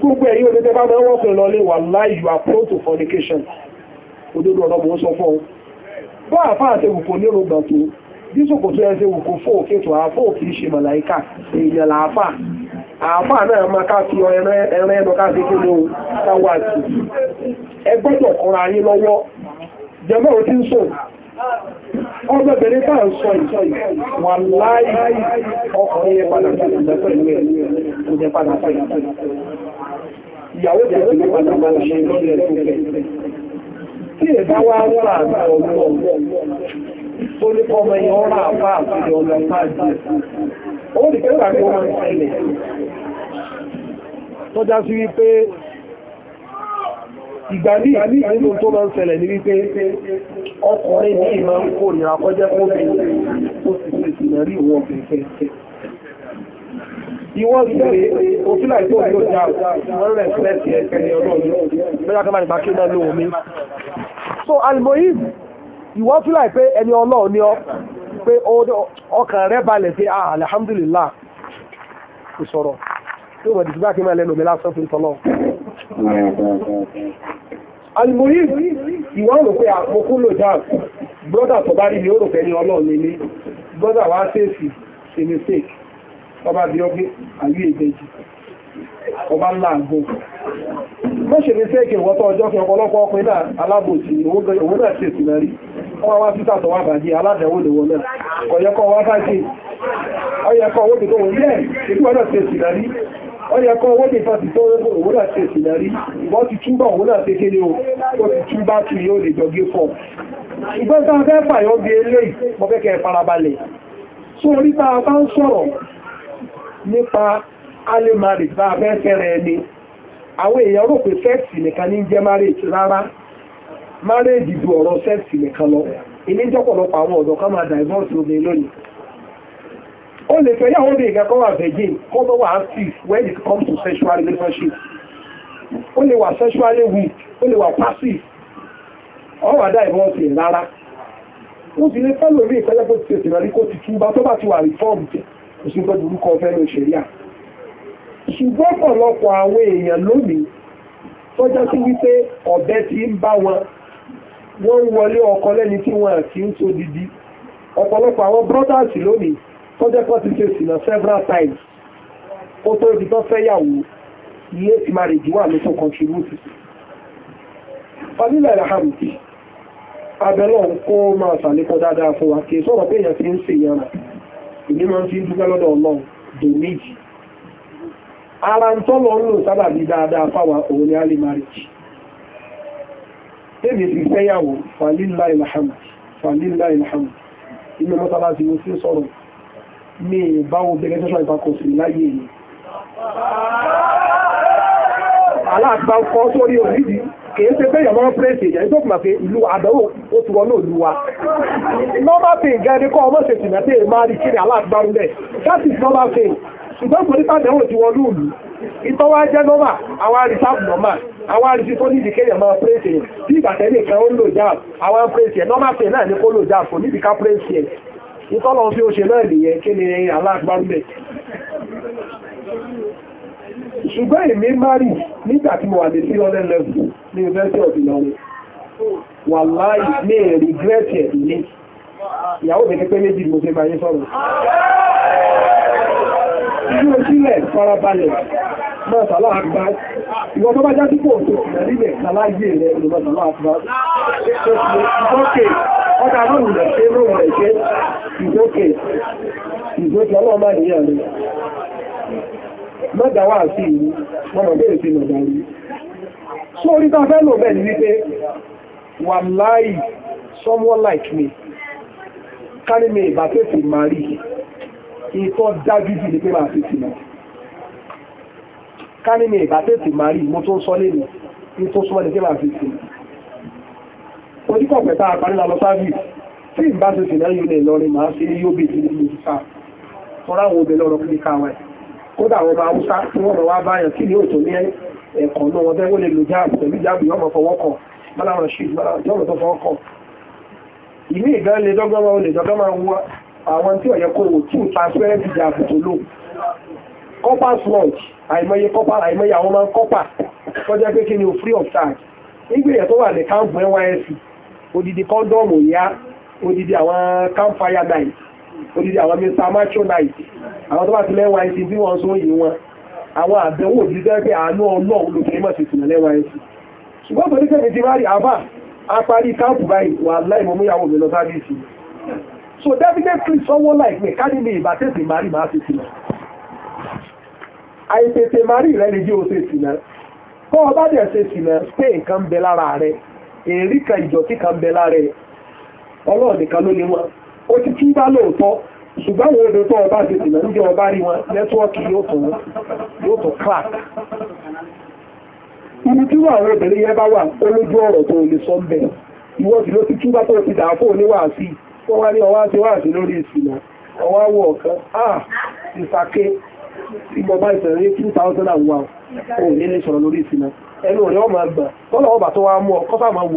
gbogbo ẹ̀yin òdodo bá máa wọ́n pẹ̀lú ọlẹ́ wà láì you are prone to fornication òdodo ọ̀rọ̀ mò ń sọ fún ọ bọ́ àfáà ṣe wùkọ́ nírun gbà tó bí sòkòtò ẹ ṣe wùkọ́ fóòkè tó àáfóò kì í ṣe màláìkà èèyàn làáfà àáfà náà máa ká fi ẹran ẹnu ká fi kéde ohun táwọn àti ẹ gbọ́dọ̀ kọ́ra yín lọ́wọ́ jẹ́mọ́ ò ti ń sùn ọgbẹ̀bẹ̀rẹ̀ bá ń sọ ìsọ wà láì ọkùnrin yẹn padà sí ìgbẹ́pẹ̀lú ẹ̀ ìyàwó tẹ̀sí ní pàtàkì ṣe lọ́dẹ̀ tó fẹ́. Tí ẹ bá wá ń rà ní ọ̀pọ̀ tó ní ọmọ yẹn ọ̀rọ̀ àpá àti ọmọ páàdì. Ó ní kẹ́kọ̀ọ́ àti ọmọ ìṣẹ̀lẹ̀. Tọ́já sí wípé ìgbà ní ìlú nínú tó máa ń ṣẹlẹ̀ ní wípé ọkùnrin ní ìmọ̀ ń kó ìràkọ́jẹ́ kó fi ó sì ṣe ìsìnà rí ìwọ̀n fẹ̀fẹ̀ ìwọ́n rí pé òfílà ìtò òjò jà wọ́n rẹ̀ fẹ́ẹ̀sì ẹ̀kẹ́ ní ọlọ́run bẹ́ẹ̀ kọ́ máa nípa kí náà lóhùn mi. so almohim ìwọ́n fílà pé ẹni ọlọ́run ni ọ pé ọkàn rẹ̀ balẹ̀ pé ah alhamdulillah kò sọ̀rọ̀ tí ó bẹ̀rẹ̀ bá kí máa lẹ́nu mi lásán fún tọ́lọ́. almohim ìwọ́n rò pé àpòkú lò jà brọ́dà tó ni ó rò pé ẹni ọlọ́run ni ní brọ́dà wá ṣèèṣì mistake ọba bí ọgbé ayé ìbejì ọba ńlá àgbò wọ́n ṣe ní sẹ́ẹ̀kì ìwọ́tọ̀ ọjọ́ fi ọ̀pọ̀lọpọ̀ ọkùnrin náà alábòsí òun náà ṣe ìsìnà rí wọ́n wá sí sàtọ̀ wà bàjẹ́ aládẹ̀wò lèwọ̀ náà ọ̀yẹ́kọ̀ wá sáàkì ọ̀yẹ́kọ̀ owó tó wọ́n yẹ́ ìlú ọ̀nà ṣe ìsìnà rí ọ̀yẹ́kọ̀ owó tó fà sí tó òun náà ṣe ìsìnà rí wọ́n ti túbọ̀ òun náà ṣe kéde o ó ti túbá tù yóò lè jọ gé fọ́ ìgbọ́n tá a fẹ́ fàyọ́ gbé eléyìí mo fẹ́ kẹ́ farabalẹ̀ nípa early bá a fẹ́ fẹ́rẹ̀ ẹni àwọn èèyàn rò pé sẹ́ẹ̀sì nìkan ní jẹ́ marriage rárá marriage ju ọ̀rọ̀ sẹ́ẹ̀sì nìkan lọ ilé jọ́pọ̀lọpọ̀ àwọn ọ̀dọ́ kan máa divorce obìnrin lónìí ó lè fẹ́ yàwó obìnrin kan wà virgin when it comes to sexual relationship ó lè wà sexually weak ó lè wà passive ọ̀wà divorce rárá ó ìpẹ́lẹ́pọ̀ o ti rẹ̀ kó ti òṣùgbọ́n ṣùgbọ́n eyan àwọn èèyàn lónìí tó sí wípé ọ̀bẹ ti ń bá wọn wọ́n ń ọkọ lẹ́ni tí wọ́n àti ń tó didi ọ̀pọ̀lọpọ̀ àwọn brothers lónìí tó jẹ́ several times ó tó di tó fẹ́ ilé ti máa wà abẹ́lọ́ ń kó máa sàlékọ́ dáadáa fún wa kì í sọ̀rọ̀ mùsùlùmí máa ń fi dúpẹ́ lọ́dọ̀ ọlọ́run donate ara ń tọ́lọ̀ ń lò sábàbí dáadáa fáwa òun ni early marriage tẹ́bí ti fẹ́yàwó falilá ilhamd falilá ilhamd inú mọ́sálásí mo sí sọ̀rọ̀ mi báwo bẹ̀rẹ̀ sẹ́sọ̀ ìbákọ̀sí láyé mi aláàgbà kọ́ sórí òdìdí kìí ṣe pé èèyàn máa ń tó kùmà pé ìlú àdánwò ó ti wọnú ìlú wa normal thing gan ni kọ́ ọmọ ṣe tìmọ̀ pé èèyàn máa rí kiri aláàgbárù rẹ̀ that is normal thing ṣùgbọ́n kò ní pàdánwò ti wọnú ìlú ìtọ́ wa jẹ́ normal àwa reserve normal àwa arìsí tó nídìí kéèyàn máa pèsè yẹn bí ìgbà tẹ́lẹ̀ kan ó ń lò jab àwa ń pèsè normal thing náà ni kó lò jab kò nídìí ká pèsè yẹn ìtọ́lọ́ ṣùgbọ́n èmi márì nígbà tí mo wà ní sí ọlẹ́ lẹ́fù ní university of Ìlọrin wà láì ní rìgírẹ́tì ẹ̀ ní ìyàwó mi pé méjì mo ṣe máa yín sọ̀rọ̀ ìlú sílẹ̀ farabalẹ̀ máa sàlá àgbà ìwọ tó bá já sí pò tó ìrìn nílẹ̀ sàláyé rẹ̀ olùmọ̀ sàlá àgbà ìgbókè ọ̀dà náà rẹ̀ ṣe lóòrẹ̀ ṣe ìgbókè ìgbókè ọlọ́ọ̀má ìyá rẹ̀ mọ́dà wà sí ìlú mọ́nà bẹ́ẹ̀ sí mọ̀dà rí so orí ta fẹ́ lò bẹ́ẹ̀ ni wípé wàláì someone like me kárí mi ìbá tètè máa rí ìtọ́ dájú jù ní pé máa tètè máa kárí mi ìbá tètè máa rí mo tó ń sọ lẹ́nu ní tó súnmọ́ ní pé máa tètè máa oníkọ̀pẹ̀ta àparílà lọ sáàbì tí ìbá tètè náà yóò lè lọrin máa ṣe yóò bèèrè ní ìfà fọ́nráwọ̀ obìnrin ọ̀rọ̀ kíkà wáyé kódà àwọn ọba haúsá tí wọ́n bá wá báyàn kí ni òtò ní ẹ̀kọ́ náà wọ́n tẹ́wọ́ lè lo jáàbù pẹ̀lú jáàbù yọ́mọ̀ fọwọ́kọ̀ báláwọn ṣì yọ́mọ̀ tó fọwọ́kọ̀ ìlú ìgbà lè dọ́gbọ́n wọn lè dọ́gbọ́n máa wọ àwọn tí ọ̀yẹ́ kó wò tí ò ta fẹ́rẹ́ ti jáàbù tó lò kọ́pà sword àìmọye kọ́pà àìmọye àwọn máa ń kọ́pà tó jẹ́ pé kí ni o free of charge nígbèyàn tó wà ní káàmpù nysc odidi kọ́ndọ̀mù yá odidi àwọn campfire night orí àwọn mr matronite àwọn tó bá ti lẹ́wà ẹ̀sìn bí wọ́n sún yìí wọn àwọn àbẹ̀wò òjíṣẹ́ pé àánú ọlọ́run ló fẹ́ mọ̀ sí ìsìnà lẹ́wà ẹ̀sìn ṣùgbọ́n tó ní kẹ́mi ti bá rí àbá apárí káàpù báyìí wà láì mọ́ múyàwó mi lọ sábìsì so definitely sọ́wọ́ láìpẹ́ káàdì mi ìbá tètè márì máa ṣe ìsìnà àìtètè márì rẹ lè jẹ́ òṣè ìsìnà kọ́ ọ bá dẹ̀ ṣe ìsìnà pé nǹkan ń bẹ lára rẹ èrí kan ìjọ́sí kan ń bẹ lára rẹ ọlọ́run nìkan ló ní wọn ó ti kí bá lóòótọ́ ṣùgbọ́n àwọn tó ọba ti tìlẹ̀ níjẹ́ ọba rí wọn nẹ́tíwọ́ọ̀kì yóò tún yóò tún tí wọ́n àwọn obìnrin yẹn wà olójú ọ̀rọ̀ tó lè sọ ń bẹ̀ ìwọ sì ló ti kí tó ti dà ní wọ́n wá ní ọwá ti lórí òun ah, nílé sọ̀rọ̀ lórí ìsìnà ẹnu ọ̀rẹ́ ọmọ tọ́lọ̀ ọba tó wá mú ọ máa wù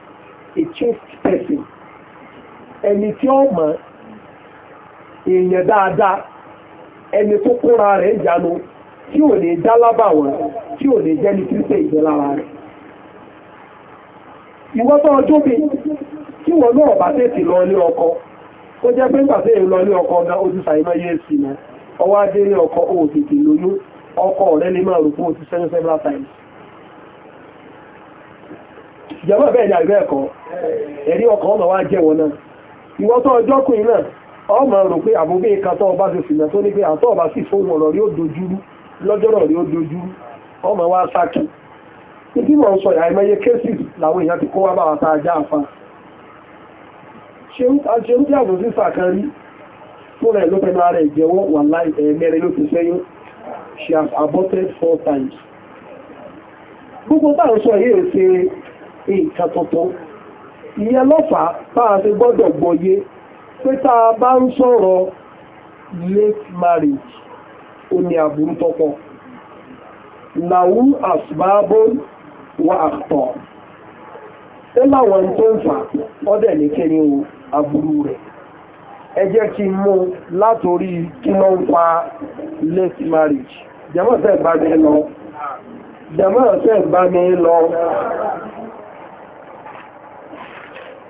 a chaste person ẹni tí ó mọ èèyàn dáadáa ẹni tó kóra rẹ̀ ń jánu tí ò lè já tí ò lè jẹ́ni tí ń ìwọ́n tó ọjọ́ bí kí wọ́n náà bá lọ ní ọkọ ó jẹ́ pé ọkọ sí ọwọ́ adé ọkọ ó tètè ọkọ máa rò pé ó ti times. jẹ́mọ́ bẹ́ẹ̀ ni ẹkọ ẹ̀kọ́ ẹ̀rí ọkọ̀ ọmọ wa jẹ́ wọn náà ìwọ tó ọjọ́ kùn iná ọmọ rò pé àbúgbé ìka ọba ṣe sìnà tó ní pé àtọ́ ọba sì fóun ọ̀rọ̀ rí ó dojúrú lọ́jọ́ rọ̀ rí ó dojúrú ọmọ wa sákì ibi mọ̀ ń sọ àìmọye kéésì làwọn èèyàn ti kó wá báwa tá já àfa ṣe ń tí àbòsí sàkan rí fún rẹ̀ ló fẹ́ máa rẹ̀ jẹ́wọ́ wà láì ló ti sẹ́yìn she has aborted four times gbogbo báwọn sọ yìí ṣe nǹkan tuntun ìyẹn lọ́fà bá a ṣe gbọ́dọ̀ gbọ́yé pé tá a bá ń sọ̀rọ̀ late marriage ó ní aburú tọ́pọ̀ làwú àṣùbábó wà àtọ̀ ó láwọn tó ń fà ọ́dẹ̀ ní kí o aburú rẹ̀ ẹ jẹ́ kí n mú látòrí kí late marriage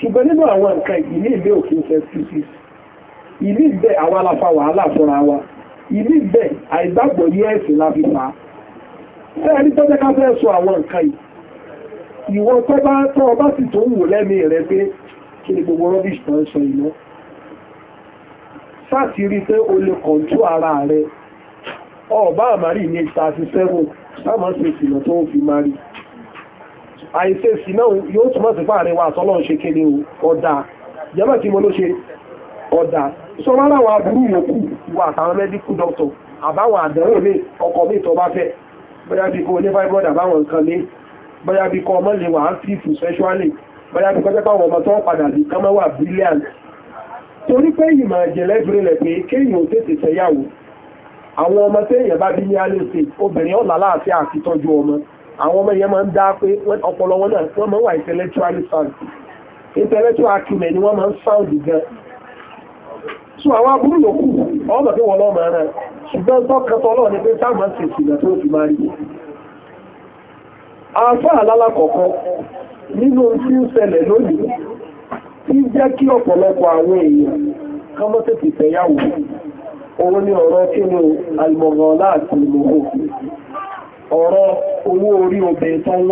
ṣùgbọ́n nínú àwọn nǹkan ìlú ìgbé òfin fẹ́sítì ìlú ìgbé àwọn aláfa wàhálà fúnra wa ìlú ìgbé àìgbàgbọ́ yé ẹ̀sìn la fi fà á sẹ́ẹ̀rí tọ́jẹ́ ká fẹ́ sọ àwọn nǹkan yìí ìwọ tó bá tọ́ ọba sì tó ń wò lẹ́mí rẹ pé kí ni gbogbo rubbish tó sọ ìná sáàtì rí pé o lè kọ̀ǹtú ara rẹ ọba àmàrí ní thirty seven sáàmà ṣe ìsìnà tó ń fi máa rí àìṣe sí náà yóò túmọ̀ sí fáàrin wa àtọ́lọ́run ṣe kéde ọ̀dà yẹ́mọ̀ kí mo ló ṣe ọ̀dà sọ́mọ́ láwọn aburú yòókù ìwà àtàwọn mẹ́díkù dọ́kítọ̀ àbáwọn àdánwò mi ọkọ̀ mi tó bá fẹ́ bóyá bí kò ní fáibọ́dà báwọn nǹkan lé bóyá bí kò ọmọ lè wà á sí ìfù sẹ́ṣuálì bóyá bí kọjá báwọn ọmọ tó ń padà bí kán wà brilliant torí pé ìmọ̀ ìjẹ̀lẹ̀ ìbílẹ̀ pé kéèyàn ò tètè fẹ́yàwó àwọn ọmọ téèyàn bá bí àwọn ọmọ yẹn máa ń dá pé ọpọlọ wọn náà wọ́n máa ń wà intellectually sound intellectual acumen ni wọ́n máa ń sound gan so àwọn aburú yòókù ọmọ tó wọ́n lọ́mọ ara ṣùgbọ́n tọ́kẹtọ́ ọlọ́run ni pé sáàmà ṣe ìsìnà tó fi máa rí àlálà kọ̀ọ̀kan nínú tí ń ṣẹlẹ̀ lónìí tí jẹ́ kí ọ̀pọ̀lọpọ̀ àwọn èèyàn kán ọ̀rọ̀ owó orí obìnrin tán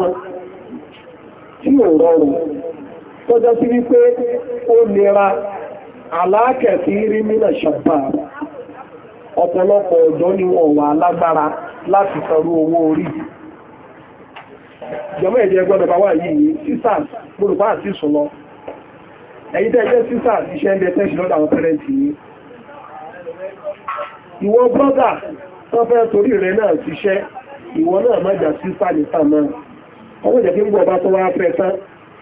tí ó rọrùn tọ́jọ́ sí wípé ó nira aláàkẹ̀sí rí mínà ṣọ̀pá ọ̀pọ̀lọpọ̀ ọ̀dọ́ ni wọ́n wà lágbára láti sọrú owó orí jọmọ́ ẹ̀jẹ̀ gbọ́dọ̀ bá wà yìí sisters gbọ́dọ̀pá àti ìsúnlọ iṣẹ́ ń bẹ tẹ́ṣì ìwọ náà má jà sí sàlìsà náà ọwọ́ ìjẹ́ pé gbọ́ bá tó wá fẹ́ tán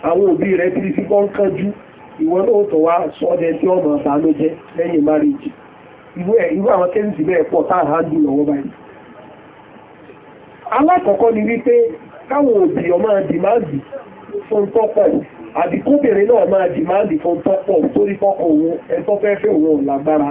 àwọn òbí rẹ̀ tí sí kọ́ ń kánjú ìwọ náà tó wá sọ́dẹ tí ọmọ ló jẹ́ lẹ́yìn márìjì àwọn bẹ́ẹ̀ pọ̀ tá lọ́wọ́ báyìí alákọ̀ọ́kọ́ ni wípé káwọn òbí ọmọ dìmáàdì fún tọ́pọ̀ náà máa dìmáàdì fún tọ́pọ̀ torí òun ẹ̀tọ́ òun lágbára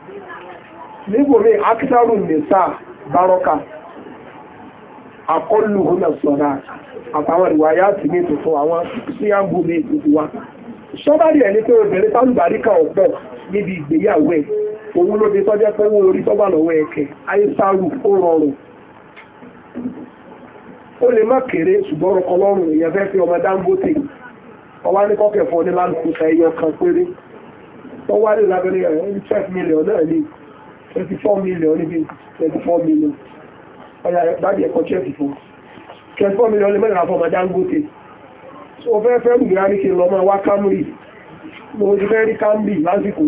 nígbò mí akitaru nìsa baroka akọlù hùnà sọ̀rọ̀ àtàwọn ìwà ayá ti ní tuntun àwọn wa sọ́bàrì ẹ̀ ní pé obìnrin tálùbáríkà ọ̀pọ̀ níbi ìgbéyàwó ẹ̀ òun ló ti tọ́jẹ́ pé owó orí tọ́gbà lọ́wọ́ ẹ̀kẹ́ àìsàrù ó rọrùn ó lè má kéré ṣùgbọ́n ọkọ̀ lọ́rùn èèyàn fẹ́ fi ọmọ Dangote ọwá ní kọ́kẹ́ fún ọ ní lálùkù péré tọ́wá lábẹ́rẹ́ ẹ̀ 34 million níbi 34 million ọ̀yà dáàbì ẹ̀kọ́ chẹ́ẹ̀kì fún million lè àfọ́ Dangote so fẹ́ fẹ́ mú ìyá nìkè wá Camry mo ti fẹ́ rí Camry lásìkò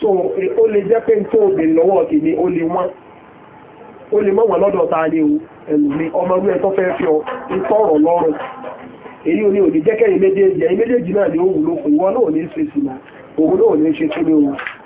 so o e, lè jẹ́ pé tó obìnrin lọ́wọ́ ni O lè wọ́n ó lè mọ̀ wọ́n ni o mi ọmọ rú tó fẹ́ fi ọ èyí òní jẹ́kẹ́ náà ni ó wù lókun ìwọ náà ò ní ṣe sí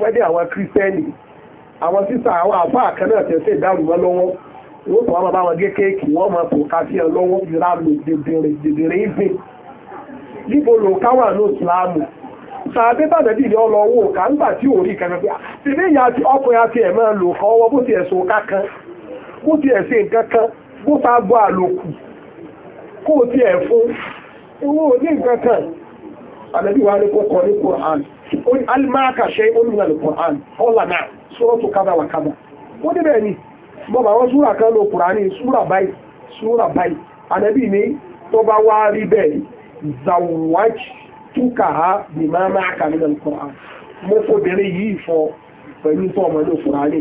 wẹ́dẹ̀ àwọn kírísítẹ́nì àwọn sisa, àwọn àbá àkànnà tẹ̀sẹ̀ ìdárùmọ́ lọ́wọ́ wọ́n tọ́ wọn bá wọn gé kéèkì wọ́n máa tò ká sí ẹ lọ́wọ́ dèdèrè dèdèrè ìfẹ́ níbo ló káwà ní ìsìláàmù sàbẹ́ bàbẹ́ tí ah, ti ẹ̀sùn kankan bó ti ẹ̀sìn kankan bó ta gbọ́ àlòkù kó o ti ẹ̀ fún owó wa almaka ṣe olùwẹ̀ lùkùrán ọlànà sọ́rọ̀tù kádà wà kádà ó dé bẹ́ẹ̀ ni bọ́bà wọn súrà kan ló kùránì súrà báyìí súrà báyìí ànábì ní tó bá wá rí bẹ́ẹ̀ zawaj túkà á bí máa máa kà nínú lùkùrán mo fòbìnrin yìí fọ pẹ̀lú tó ọmọ ní kùránì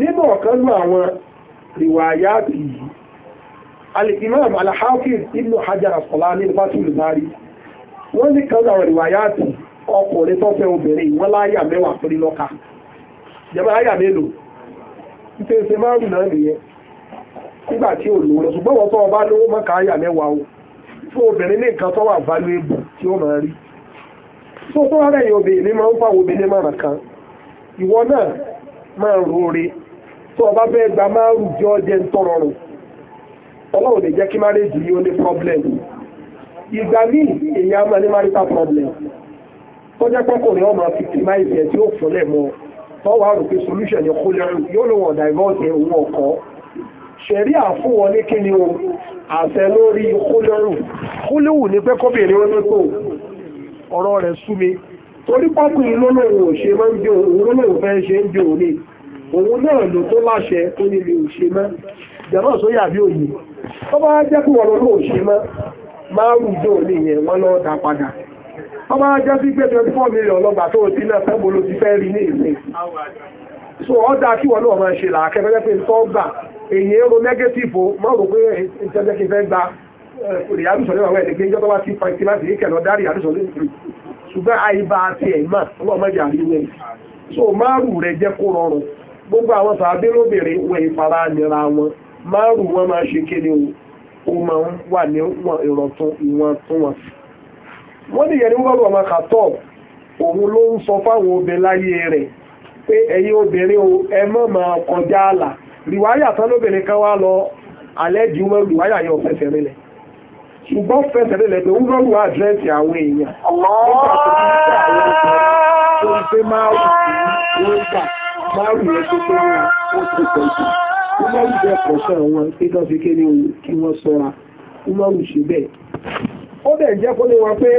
nínú ọ̀kan lú àwọn rìwàyà yìí al-imam al-hafiz ibn hajar asqalani fatul bari wọ́n ní kan àwọn rìwàyà yìí ọkùnrin tó fẹ́ obìnrin wọ́n láyà mẹ́wàá torí lọ́ka ìjọba láyà mélòó nítorí ṣe máa ń rìn náà nìyẹn nígbà tí ò lówó ṣùgbọ́n wọ́n tó ọba lówó mọ́ka àyà mẹ́wàá o fún obìnrin ní nǹkan tó wà tí ó máa rí tó tó obìnrin máa ń obìnrin kan ìwọ náà máa rore tó ọba fẹ́ gba jẹ́ ń tọrọ rùn ọlọ́run lè jẹ́ kí ó ní problem ìgbà míì èèyàn máa tó jẹ́ pọ́kùnrin ọmọ fifty miles ẹ̀ tí ó fúnlẹ̀ mọ́ tó wà rò pé solution ni kó lẹ́rù yóò lò wọ́n divorce ẹ̀ òun ọ̀kọ́ ṣẹ̀rí àfún wọn ní kí ni o àṣẹ lórí kó lẹ́rù kó léwù ní pé kọ́bìnrin wọn tó ọ̀rọ̀ rẹ̀ sú mi torí pọ́kùnrin lólóhùn ò ṣe máa ń jẹ òun lólóhùn fẹ́ ṣe ń jẹ òun ní òun náà ló tó láṣẹ tó nílé òṣè mọ́ jẹ̀mọ́ sóyà bí òyìn tó bá jẹ́ kí wọn lólóhùn òṣè mọ́ máa rù jẹ́ òun ní wọn lọ́ọ́ dá padà wọ́n máa jẹ́ sí pé 24 million lọ́gbà tó ti náà sẹ́gbò ló ti fẹ́ rí ní ìsìn so ọ̀dà kí wọ́n náà máa ṣe làákẹ́ fẹ́ pé tó gbà èyí èrò negative mọ́ rò pé ìjọba eh, kí fẹ́ gba ìyàdùsọ̀lẹ́ wà wẹ́ẹ̀ nígbẹ́ ìjọba ti fa ìtìláṣì ìkẹ̀ lọ dárí ìyàdùsọ̀lẹ́ ṣùgbọ́n àìbá àti ẹ̀mà ọlọ́mọdé àríwẹ̀ so márùn rẹ̀ jẹ́ kó rọrùn gbogbo àwọn tàbí lóbìnrin wọ ìfara nira wọn márùn wọn máa ṣe o ó máa ń wà ní ìrọ̀tún ìwọ̀n wọ́n ní yẹn wọ́n lọ́ọ́ máa kà òun ló ń sọ fáwọn obìnrin láyé rẹ̀ pé ẹ̀yin obìnrin o ẹ mọ̀ máa kọjá àlà rìwáyà tán lóbìnrin kan wá lọ alẹ́ wọ́n rìwáyà yẹn fẹsẹ̀ rinlẹ̀ ṣùgbọ́n fẹsẹ̀ rinlẹ̀ pé wọ́n lọ́ọ́ àdírẹ́sì àwọn èèyàn nígbà tó ń gbà àwọn obìnrin tó ń pé máa wọ́n gbà wọ́n máa rù ṣe bẹ́ẹ̀ ó dẹ̀ jẹ́ kó lè wá pé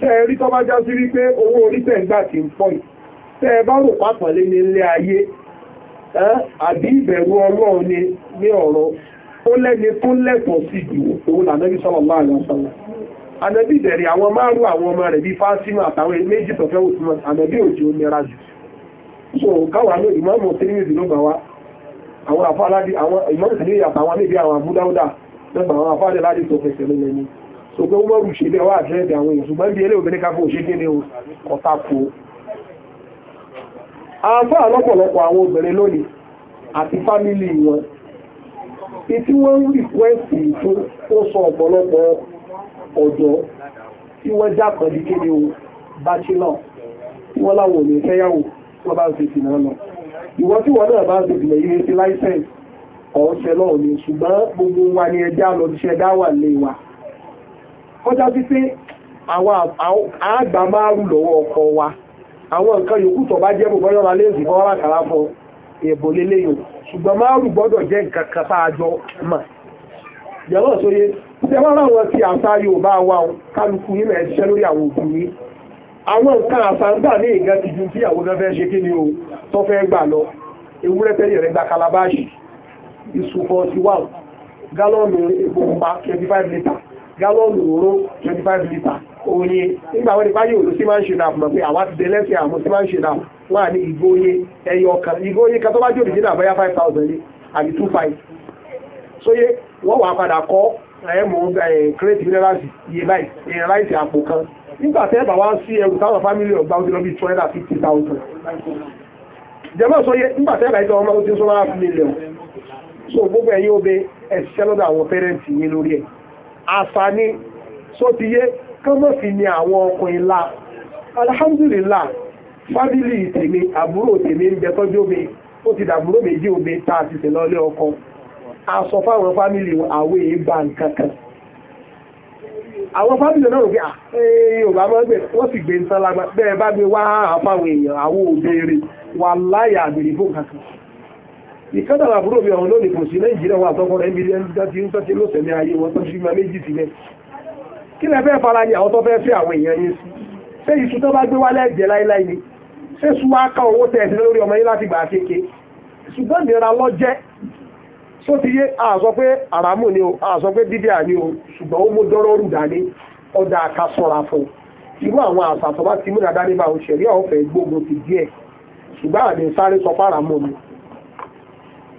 tẹ́ rí tọ́ bá já sí wípé owó orí tẹ̀ ń gbà tí ń pọ̀ yìí tẹ́ bá rò ní ilé ayé àbí ìbẹ̀rù ọlọ́run ni ní ọ̀rọ̀ ó lẹ́ni tó lẹ́tọ̀ọ́ sí jù òun lànàbí sallallahu alaihi wasallam ànàbí ìbẹ̀rẹ̀ àwọn márùn àwọn ọmọ rẹ̀ bíi fásínú àtàwọn méjì tọ̀fẹ́ òtún ànàbí òjò nira jù so ló gbà wá àwọn àwọn àtàwọn lọ́gbà àwọn tó so pé umaru ṣe bẹ́ẹ̀ wá àdírẹ́dì àwọn èèyàn ṣùgbọ́n bí eléyìí obìnrin káfọ́ ṣe kí ni o ọ̀tá kú o. àfẹ́ àlọ́pọ̀lọpọ̀ àwọn obìnrin lónìí àti fámìlì wọn etí wọ́n ń rìkwẹ́sì tó ó sọ ọ̀pọ̀lọpọ̀ ọ̀dọ́ tí wọ́n já pẹ̀lú kí ni o báchílà tí wọ́n láwọn ò ní fẹ́yàwó wọ́n bá ń fi ìsìn náà lọ ìwọ tí wọ́n náà bá ń fi ìsìn yìí ti láìsẹ̀ǹsì ọ̀ọ́sẹ̀ náà ṣùgbọ́n gbogbo wa ni ẹja lọ ṣẹ̀dá wà kọjá sí pé àwọn àgbà márùn lọ́wọ́ ọkọ wa àwọn nǹkan yòókù tó bá jẹ́ bò bọ́yọ́ ra léèzì bọ́ rà kàrà fún èbò lélẹ́yìn ṣùgbọ́n márùn gbọ́dọ̀ jẹ́ nǹkan kan tá a jọ mà yẹ̀rọ sóye ṣe wọ́n ráwọn ti àṣà Yorùbá wa kálukú yìí náà ṣiṣẹ́ lórí àwọn òkú yìí àwọn nǹkan àṣàǹgbà ní ìgbà ti ju tíyàwó náà fẹ́ ṣe kí ni o tó fẹ́ gbà lọ ewúrẹ́ tẹ́lẹ̀ rẹ̀ gba kalabashi iṣu forty one gálọ́ọ̀nù epo pa twenty litre gálọ́ọ̀nù òró 25 litre oye nígbà wọ́n ní báyìí òlú sí máa ń ṣe dàpọ̀ mọ̀ pé àwa ti àwọn sí máa ń ṣe dàpọ̀ wọ́n à ní oye ẹyọ kan ìgò oye kan tó bá jò nìjìnà bóyá 5000 ní àbí 25 wọ́n wà padà kọ́ iye báyìí láìsí àpò kan nígbà tẹ́ bàbá sí ẹrù táwọn fámìlì ọ̀gbá ó ti lọ bí 250000 jẹ́mọ́ sóyè nígbà tẹ́ ọmọ ó ti so gbogbo ẹ̀yin obe ẹ̀ṣẹ́ lọ́dọ̀ àṣà ni sótiyé kọ́mọ̀sì ni àwọn ọkùnrin la alhamdulillah fábílì tèmi àbúrò tèmi ń jẹtọ́jú omi ó ti dàbúrò méjì omi tá a ti sì lọ lé ọkọ aṣọ fáwọn fámìlì àwọ̀ èyí bá nǹkan kan àwọn fámìlì náà rò pé ẹ̀yìn ò bá máa gbé wọ́n sì gbé ń sán lágbá bẹ́ẹ̀ bá gbé wá àfáwọn èèyàn àwọ̀ òbèrè wà láyà àgbèrè fún kankan ìkádàrà àbúrò mi àwọn lónìí kò sí nàìjíríà wà tọ́kọ rẹ̀ níbi ẹ̀ńdá tí ń tọ́tí ló sẹ̀mí ayé wọn tó fi máa méjì sílẹ̀ kí lẹ fẹ́ fara ní àwọn tó fẹ́ fẹ́ àwọn èèyàn yín sí ṣé iṣu tó bá gbé wá lẹ́jẹ̀ láíláí ni ṣé iṣu wá ká owó tẹ̀ sí lórí ọmọ yín láti gbà kéke ṣùgbọ́n ìlera lọ́jẹ́ só ti yé àṣọ pé àràmù ni o àṣọ pé dídíà ni o ṣùgbọ́n ó mú dọ́rọ́ rù dání ọ̀dà àkàṣọ́ra fún irú àwọn àṣà tó bá ti múra dání bá òṣèré ọ̀fẹ́ gbógun ti díẹ̀ ṣùgbọ́n àdé sáré sọ fáràmù mi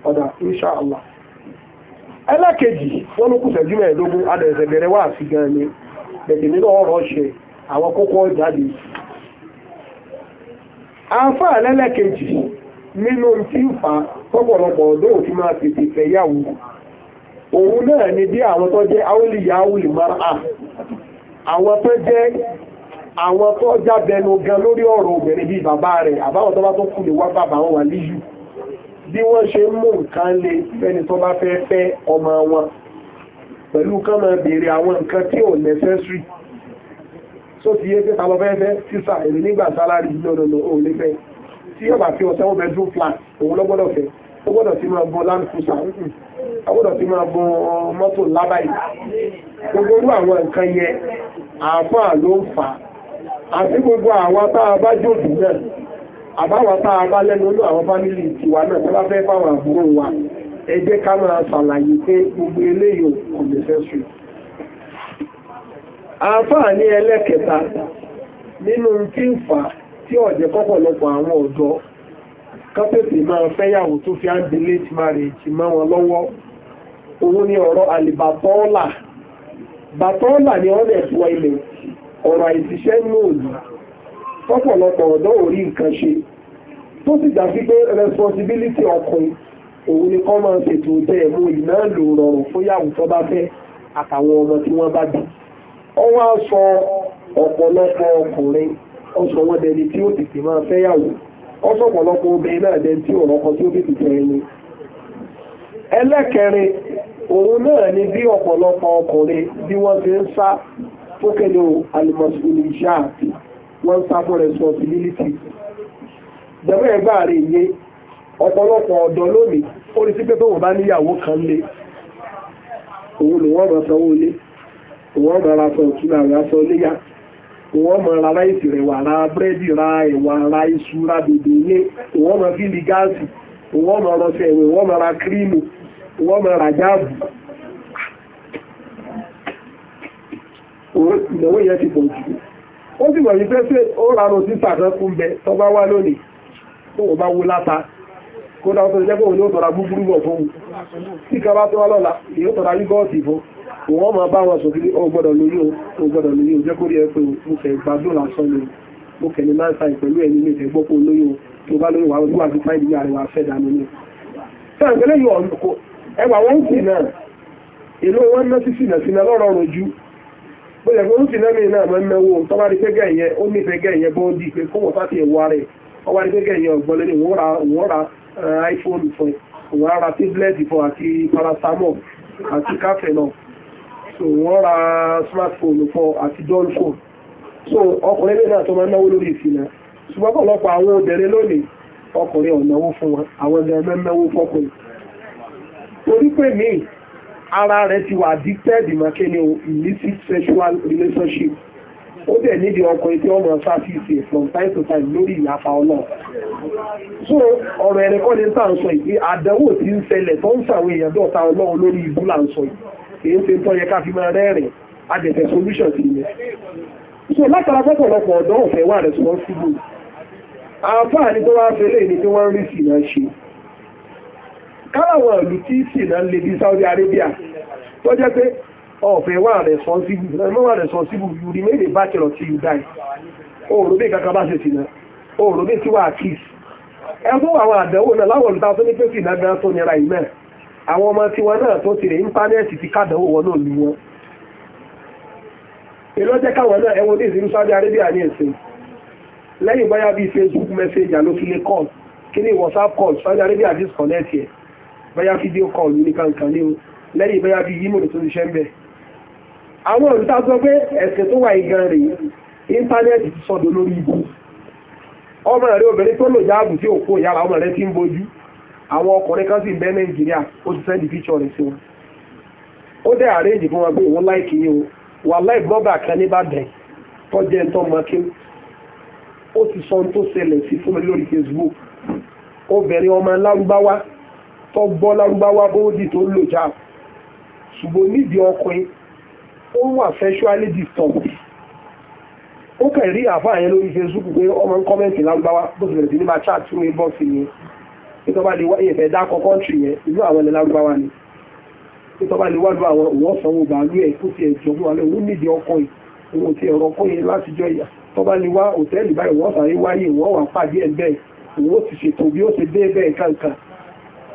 ọ̀dà insha Allah ẹlẹ́kejì wọ́n ló kù sẹ́jú mẹ́ẹ̀ẹ́dógún adẹ̀sẹ̀ bẹ̀rẹ̀ wá sí gan ni bẹ̀tẹ̀ nínú ọ̀rọ̀ ṣe àwọn kókó jáde àǹfààní ẹlẹ́kejì nínú tí ń fa pọ́pọ̀lọpọ̀ ọ̀dọ́ òfin máa tètè fẹ́yàwó òun náà ni bí àwọn tó jẹ́ áwòlìyàwó ìmára àwọn tó jẹ́ àwọn tó jábẹnu gan lórí ọ̀rọ̀ obìnrin bíi bàbá rẹ̀ àbáwọn tó bá tó kú lè wá bàbá wọn wà líyù bí wọ́n ṣe mú nǹkan lè fẹ́ni tó bá fẹ́ fẹ́ ọmọ wọn pẹ̀lú kán máa béèrè àwọn nǹkan tí ò necessary tó ti yé pé tàbí fẹ́fẹ́ sísà èrè nígbà sálárì lọ́dọ̀dọ̀ ò lè fẹ́ tí yọ̀bà fi ọ̀sẹ̀ wọn bedroom flat òun lọ́gbọ́dọ̀ fẹ́ ó gbọ́dọ̀ ti máa bọ land cruiser mm, mm. ó gbọ́dọ̀ ti máa bọ mọ́tò lábàáyé gbogbo irú àwọn nǹkan yẹn àáfàá ló ń fà á àti gbogbo àwọn tá a bá jòdì náà àbáwọn tá àwọn fámìlì tiwa náà tó bá fẹ́ fáwọn àbúrò wa ẹ pé gbogbo eléyìí kò lè fẹ́ sùn. àáfàá ní ẹlẹ́kẹta nínú tí ń fà tí ọ̀jẹ̀ kọ́pọ̀lọpọ̀ àwọn ọ̀dọ́ máa fẹ́yàwó tó fi mọ́ wọn lọ́wọ́ òun ni ọ̀rọ̀ ni ilẹ̀ ọ̀rọ̀ tọ́pọ̀lọpọ̀ ọ̀dọ́ ò rí nǹkan ṣe tó sì dá sí pé responsibility ọkùnrin òun ni kọ́ máa ṣètò jẹ́ ẹ̀mú ìná lò rọrùn fún yàwó tó bá fẹ́ àtàwọn ọmọ tí wọ́n bá bí ó wá sọ ọ̀pọ̀lọpọ̀ ọkùnrin ó sọ wọ́n dẹni tí ó tètè máa fẹ́ yàwó ó sọ ọ̀pọ̀lọpọ̀ obìnrin náà dẹni tí ọ̀rọ̀ kan tí ó tètè fẹ́ ẹni ẹlẹ́kẹrin òun náà ni bí ọ̀pọ̀lọpọ̀ ọkùnrin bí wọ́n ti ń sá fókèlè alìmọ̀sùlùmí ṣáàtì wọ́n sá fún responsibility. Ìjọba ẹ̀gbá rẹ̀ yé ọ̀pọ̀lọpọ̀ ọ̀dọ́ lónìí ó rí sí pé tó wọ́n bá níyàwó kan lé òun ló wọ́n bá sanwó lé òun bá ra sọ ìtura rẹ̀ aṣọ léyà òun máa ra ráìsì rẹ̀ wà ra búrẹ́dì ra ẹ̀wà ra iṣu ra dòdò ilé òun máa fílì gáàsì òun máa rọṣẹ ìwé òun máa ra kírímù òun máa ra jáàbù. ìnáwó yẹn ti pọ̀ jù ó sì wọ̀nyí pé ṣé ó rárò sí sàkán fún bẹ tó bá wá lónìí tó wọ́n bá wo láta kó dáwọ́ tó jẹ́ pòun ní ó tọ́ra búburú bọ̀ fún un tí ká bá tó wá lọ́la èyí ó tọ́ra yúgọ́ọ̀tì fún un wọ́n máa bá wọn sọ pé ó gbọ́dọ̀ lórí o ó gbọ́dọ̀ lórí o jẹ́ kó rí ẹ pé mo fẹ́ gbádùn lásán ni mo kẹ̀ ní láǹfà ìpẹ̀lú ẹ̀mí mi fẹ́ gbọ́ pé olóyún tó bá lóyún wà ó wà ní fáìlì ní àríwá fẹ́ dànù ni. sáà ìpẹ́lẹ́ yìí ẹwà wọn sì náà èlò wọn ná sí sínà sínà lọ́rọ̀ rọ̀ ju bóyá pé olùsìn náà náà máa ń náwó tó bá rí pé gẹ̀ yẹn ó nífẹ̀ẹ́ gẹ̀ yẹn bó di pé kóhùn sáti ẹ̀wọ́ rẹ̀ ó wá rí pé gẹ̀ ọ̀gbọ́n lórí òun ra eh, iphone fún òun ra tíblẹ̀tì fún àti paracetamol àti káfẹ́ náà wọ́n ra smartphone fún àti dọ́ọ̀lù phone so ọkùnrin náà tó máa ń náwó lórí ìsìn náà ṣùgbọ́n ọ̀pọ̀lọpọ̀ àwọn obìnrin lónìí ọkùnrin ọ̀nàwó fún wọn àwọn ẹgbẹ́ náwó fọkùnrin torí pé míì ara rẹ̀ ti wà addicted ìmọ̀kẹ́ ni illicit sexual relationship ó dẹ̀ níbi ọkùnrin tí wọ́n mọ̀ sáfíìsì from time to time lórí ìyàfa ọlọ́ọ̀ so ọ̀rọ̀ ẹ̀rẹ̀ kọ́ ni tá à ń sọ yìí àdánwò tí ń ṣẹlẹ̀ tó ń sàwọn èèyàn dọ̀ta ọlọ́run lórí ibú là ń sọ yìí èyí ṣe ń tọ́ yẹ ká fi máa rẹ́rìn adẹ̀tẹ̀ solution sí ilẹ̀ so látara pọ́pọ̀lọpọ̀ ọ̀dọ́ ọ̀fẹ́ wà responsible àǹfààní tó wá fẹ́lẹ́ ni tí wọ́n ń rí sí náà ṣe káláwọn ìlú tí sì náà lè bí Saudi Arabia tó jẹ́ pé ọ̀fẹ́ wà responsible ẹ̀mọ́ wà responsible you remain a bachelor till you die òòrùn bí kankan bá ṣe sì náà òòrùn bí tí wà kiss ẹ̀fọ́ àwọn àdánwò náà láwọn olùta tó ní pé sì gan tó nira yìí náà àwọn ọmọ náà tó ti rè íńtánẹ́ẹ̀tì ti wọn náà lù wọn káwọn náà Saudi Arabia ní ẹ̀sìn lẹ́yìn báyà Facebook message call kí ni WhatsApp call Saudi Arabia bẹ́yà fídíò kọlù ní kankan ní o lẹ́yìn bẹ́yà bí yímò tó ti ṣẹ́ ń bẹ̀ àwọn olùta sọ pé ẹ̀sẹ̀ tó wà igan rèé íńtánẹ́ẹ̀tì ti sọ̀dọ̀ lórí ibu ọmọ rẹ obìnrin tó lò jáàbù tí òkú ìyára ọmọ rẹ ti ń bojú àwọn ọkùnrin kan sì ń bẹ nàìjíríà ó ti sẹ́ndì píṣọ rẹ̀ sí wọn ó dẹ́ àrẹ́ǹjì fún wọn pé òun láìkì yín o wà láì blọ́gà kan níbàdàn tó jẹ́ tó mọ́ kí ó ti sọ ohun tó ṣẹlẹ̀ sí fún mi lórí Facebook obìnrin ọmọ lárúbáwá tó gbọ́ lárúbáwá bóódì tó lò já ṣùgbọ́n nídìí ọkùnrin ó wà sexually disturbed ó kàn rí àfáà yẹn lórí Facebook pé ọmọ ń kọ́mẹ́ǹtì lárúbáwá bó ti bẹ̀rẹ̀ sí ní máa chat fún inbox ni nítorí lè wá ìyẹ̀fẹ̀ dákọ̀ kọ́ńtì yẹn ìlú àwọn ilẹ̀ jọ nídìí òun ti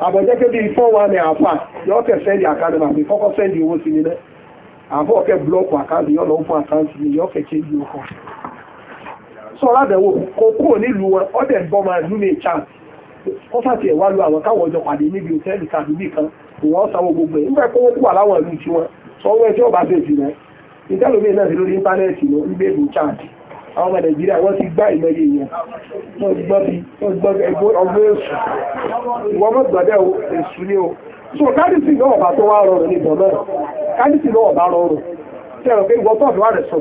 àbọ̀jẹ́kẹ́ bíi four one àfà ya ọkẹ́ sẹ́ndì àkáǹtì màá fi kọ́kọ́ sẹ́ndì owó sí nílẹ̀ àbọ̀ ọkẹ́ búlọ́ọ̀kù àkáǹtì yọ lọ́wọ́ fún àkáǹtì mi yọ ọkẹ́ chéjì ọkọ̀ sọ ládàáwò kò kúrò nílùú wọn ọdẹ bọ́mọ ìlú mi chan ó fàtì ẹ̀ wá lu àwọn káwọn ọjọ́ pàdé níbi òtẹ́ẹ̀lì tàbí bì kan ìwọ́n sanwó gbogbo ẹ̀ nígbà kówó ìlú tiwọn sọ wọ́n bá ìtẹ́lómi náà ti lórí íńtánẹ́ẹ̀tì lọ ń gbé àwọn ọmọ nàìjíríà wọ́n ti gbá ìmọ̀ye èèyàn wọ́n ti wọ́n ti gbọ́ ẹgbó ọmọ so kánísì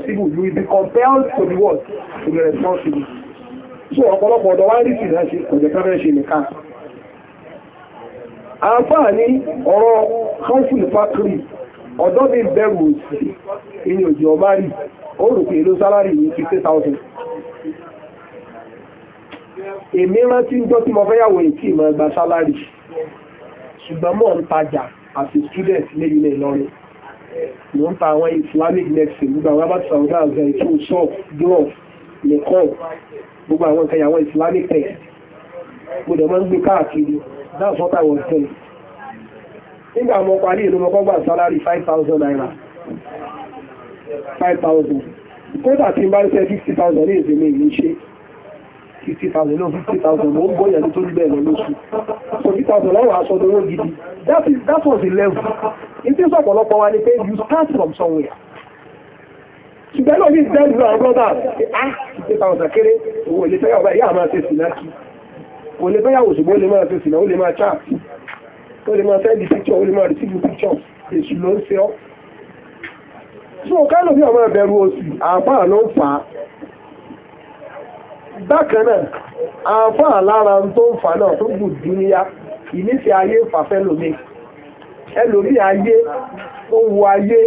ní will be compelled to be what to be responsible so ọ̀pọ̀lọpọ̀ ọ̀dọ̀ wá rí sí ìrẹsì ọ̀jẹ̀ kẹrẹ́ ṣe nìkan àǹfààní ọ̀rọ̀ council factory ọ̀dọ́ mi bẹ̀rù òsì ìyẹn òjò ọba rí ó rò pé èlò sálárì ní fifty thousand èmi rántí ń gbọ́ tí mo fẹ́ yàwó ètí ìmọ̀ ẹgbà sálárì ṣùgbọ́n mò ń tajà as a student níbi ilẹ̀ Ìlọrin mò ń ta àwọn Islamic medicine gbogbo àwọn abáti sàwùdá àgbà ètò shop glove nìkan gbogbo àwọn nǹkan àwọn Islamic tech mo dẹ̀ máa ń gbé káàkiri that's what I was telling nígbà mo parí ìlú mo kọ́ gbà sálárì five thousand naira five thousand kódà tí n bá ṣe fifty thousand ní ìsinmi ìlú ṣe fifty thousand náà fifty thousand ó ń bọ̀ yẹn tó ń bẹ̀rẹ̀ lóṣù so fifty thousand lọ́wọ́ aṣọ tó wọ́n gidi that is that was the level in tí ọ̀pọ̀lọpọ̀ wa ni pé you start from somewhere ṣùgbọ́n náà ní ìdẹ́rù náà brọ́dà ah fifty thousand kéré owó ilé fẹ́yàwó báyìí yáà máa ṣe sí náà kí o lè fẹ́yàwó ṣùgbọ́n ó lè máa ṣe sí náà ó lè máa chat ó lè máa send picture ó lè máa receive picture èṣù ló ń ṣe ọ́ so o kálò ní ọmọ ẹ̀bẹ̀rù òsì àáfàá ló fà á bákan náà àáfàá lára tó ń náà tó gbù dúníyá ayé fàfẹ́ lómi ẹlòmí ayé ó ayé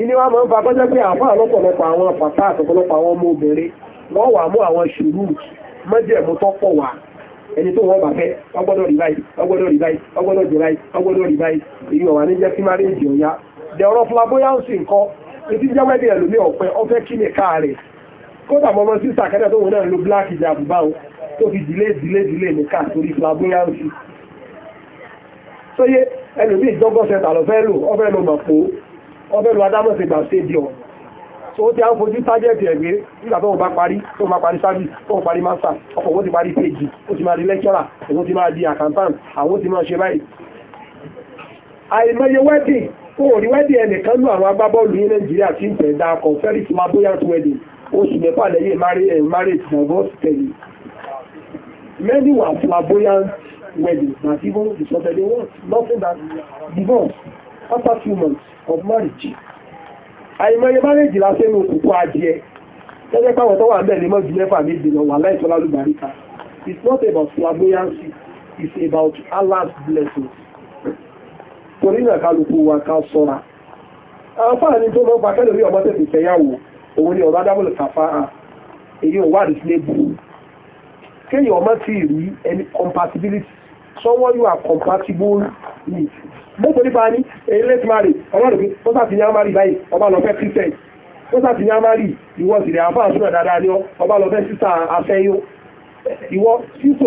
ilé wa máa ń fa pé àáfàá lọ́pọ̀lọpọ̀ àwọn pàtà àtọ̀pọ̀lọpọ̀ àwọn ọmọ obìnrin wọ́n wà mú àwọn mọ́jẹ̀mú tọ́pọ̀ wà ẹni tó wọ́n ọgbọ́dọ̀ ọgbọ́dọ̀ ọgbọ́dọ̀ èyí the ọ̀rọ̀ flamboyancy nǹkan etí jẹ́ wedding ẹ̀lòmí ọ̀pẹ ọ̀fẹ́ kí ni káà rẹ̀ kódà mọ́mọ́ sísà kẹ́tẹ́ tó wọn náà lo black ìjàmbá báwo tó fi dìlé dìlé dìlé ní káà torí flamboyancy sóyé ẹlòmí ìjọgbọ́n sẹta lọ fẹ́ lò ọfẹ́ lọ mọ̀ pé ọfẹ́ lọ adámọ̀sẹ̀ gbà ṣe di ọ̀ tó ti àwọn fojú tájẹ́ẹ̀tì ẹ̀gbẹ́ nígbà tó bá parí tó bá parí service tó parí master ọkọ̀ ó ti parí page ó ti máa di lecturer ó ti máa fún òríwẹ́dì ẹnìkan lù àwọn agbábọ́ọ̀lù ní nàìjíríà tí ń tẹ̀ dá akọ̀ fẹ́rì tí máa bóyá tó wẹ̀dì oṣù mẹ́fà lẹ́yìn eh, marriage divorce tẹ̀lé many were flamboyant weddings that even the sọ̀tẹ̀ they want nothing that divorce after few months of marriage. àìmọye marriage la sẹ́nu òkùnkùn adìẹ gẹ́gẹ́ pàwọn tó wà ń bẹ̀ lè mọ́ ju mẹ́fà méje lọ wà láìsọ́lá lùbáríkà it's not about flamboyancy it's about Allah's blessings. torí náà kálukú wa ká sọ́ra àǹfààní tó lọ́ kẹ́lẹ̀ rí ni ọba adábọ̀lẹ̀ kàfá à èyí ò wà ní sílé bù kéèyàn ọmọ ti rí ẹni compatibility someone you are compatible mo torí pa ní èyí late marry ọlọ́run pé ó sàtì ní báyìí ọba lọ fẹ́ sàtì ní ìwọ sì rẹ̀ ọba lọ fẹ́ sísà ìwọ sísò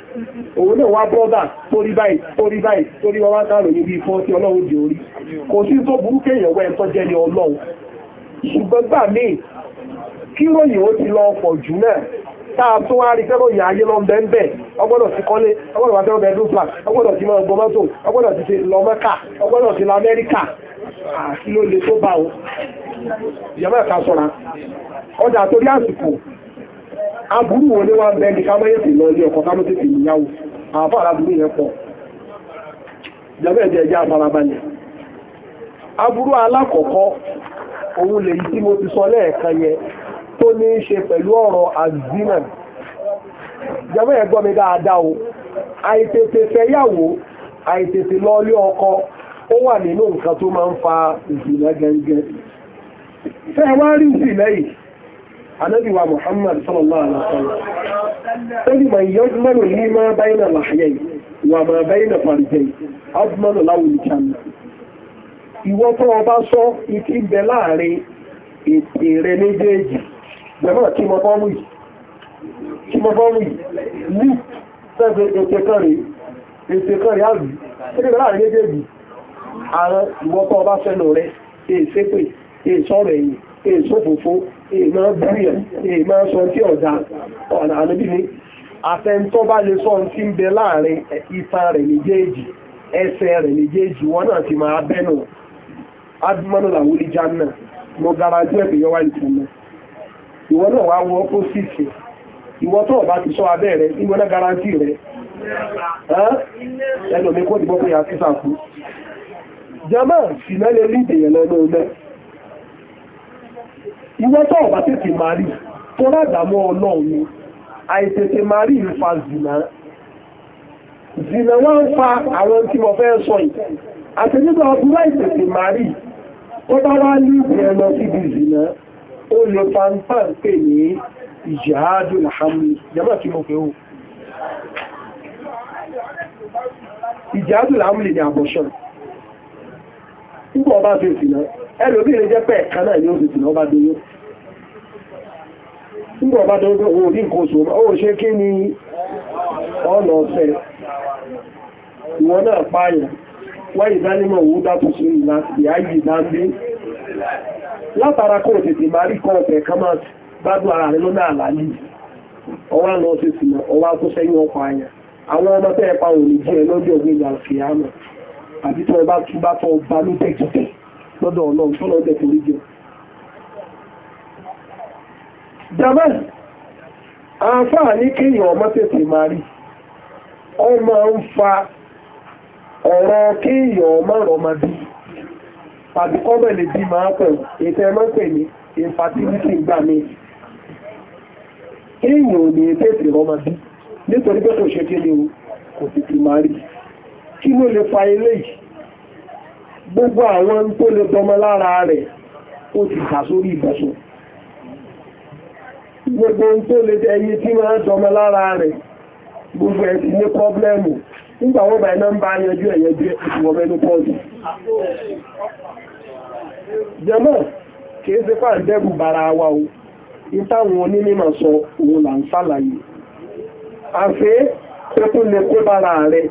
òun náà wá bọ́dà torí báyìí torí báyìí torí wọn wá sáàrò níbi ìfọ́ tí ọlọ́run di orí kò sí tó burú kéèyàn wẹ́ ẹ̀tọ́ jẹ́ ní ọlọ́run ṣùgbọ́n gbà ti lọ pọ̀ jù náà tá a wá rí ayé lọ bẹ́ẹ̀ bẹ́ẹ̀ ọgbọ́dọ̀ ti kọ́lé ọgbọ́dọ̀ wá fẹ́ràn bẹ́ẹ̀dún ọgbọ́dọ̀ ti ọgbọ́dọ̀ ti lọ ọgbọ́dọ̀ ti lọ amẹ́ríkà ló le aburu wọn ni wọ́n bẹ́ẹ̀ ni ká sí lọ ilé ọkọ̀ ká mọ́ tètè níyàwó àfọ́ aláburú yẹn pọ̀ jẹ́bẹ́ jẹ́ jẹ́ àfarabalẹ̀ aburú alákọ̀ọ́kọ́ òun lè yí tí mo ti sọ lẹ́ẹ̀kan tó ní ṣe pẹ̀lú ọ̀rọ̀ azina jẹ́bẹ́ yẹn gbọ́ dáadáa o àìtètè fẹ́yàwó àìtètè lọ ilé ọkọ ó wà nínú fa ìsìnlẹ̀ gẹ́gẹ́ fẹ́ wá rí ìsìnlẹ̀ yìí anábìwà Muhammad sallallahu alaihi wasallam ó ní màá yọ mọ́nù ní máa báyìí náà láàyè wà máa báyìí náà fàrìjẹ́ adúmọ́nù láwùjọ ìjànà ìwọ tó o bá sọ ìtì bẹ kí mo bọ́ wù kí mo bọ́ wù ní sẹ́fẹ̀ ètè kan rèé ètè kan rèé àrùn ó dìbò àwọn ìwọ tó o bá sẹ́nu rẹ èsèpè èsọ̀rọ̀ ẹ̀yìn èso fòfó èèmọ̀ búrìyàn sọ tí ọ̀dà ọ̀nà àníbí ni àfẹ́ntọ́ bá lè sọ tí ń bẹ láàrin ìta rẹ̀ méjèèjì ẹsẹ̀ rẹ̀ méjèèjì wọn náà ti máa bẹ́nu adúmọ́nù mo ìwọ náà wá wọ ìwọ tó ọba ti sọ abẹ́ rẹ̀ ìwọ náà garanti ẹnu mi kó pé yà á sísà fún jama ìwọ́n tó ọ̀bá tètè máa rí tó ládàmọ́ ọlọ́run ni àìtètè máa rí ìfa zìnà zìnà wọ́n ń fa àwọn tí mo fẹ́ sọ yìí àti nígbà ọdún láìtètè máa rí tó bá wá ní ìbẹ̀rẹ̀ lọ síbi zìnà ó lè pàǹpà ń pè ní ìjàádù làhámi jẹ́mọ̀ tí mo fẹ́ o ìjàádù làhámi ni àbọ̀ṣọ́ nígbà ọba fèsì náà ẹlòmí jẹ́ pẹ́ ẹ̀kan náà yóò tuntun ọba doyó nígbà ọba doyó pé o rí nǹkan oṣù ó ṣe kí ni ọ̀nà ọ̀sẹ̀ ìwọ náà pààyàn wọ́n ìdánimọ̀ òwú dátúnṣe ìyáyì ìdánbí látara kó tètè máa rí kọ́ ọ̀fẹ́ kan máa gbádùn ara rẹ̀ lọ́nà àlàlì ọwá lọ sí sinà ọwá tó sẹ́yìn ọkọ̀ àyà àwọn ọmọ tẹ́ ẹ̀pa òní jẹ́ lọ́jọ́ gbé ìgbà fìyàmọ̀ àbí tó ọba lọ́dọ̀ ọlọ́run tó lọ́dẹ̀ tó ríjẹ jàmá àáfàá ní kéèyàn ọmọ tètè máa rí ọmọ ń fa ọ̀rọ̀ kéèyàn ọmọ rọmọdé tàbí kọ́bẹ̀ lè bí máa pẹ̀ ìfẹ́ mọ́pẹ̀ ní infertility gbà mí kéèyàn ò ní tètè rọmọdé nítorí pé kò ṣe kéde o kò sì ti máa rí kí ló le fa eléyìí gbogbo àwọn tó lè tọmọ lára rẹ̀ ó ti kà sórí ìbẹ̀sùn gbogbo tó lè ẹyí tí wọ́n tọmọ lára rẹ̀ gbogbo ẹ̀ ti ní pọ́blẹ́mù nígbà wọ́n báyìí náà ń bá yanjú ẹ̀yẹjú ìwọ̀n mẹ́nu pọ́ọ̀dù jẹ́mọ́ kìí ṣe fà ń o ìtàwọn onímọ̀ sọ òun là ń sàlàyé àfẹ́ tó tún lè kó bara rẹ̀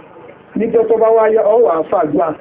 níjọ́ tó bá wáyé ọwọ́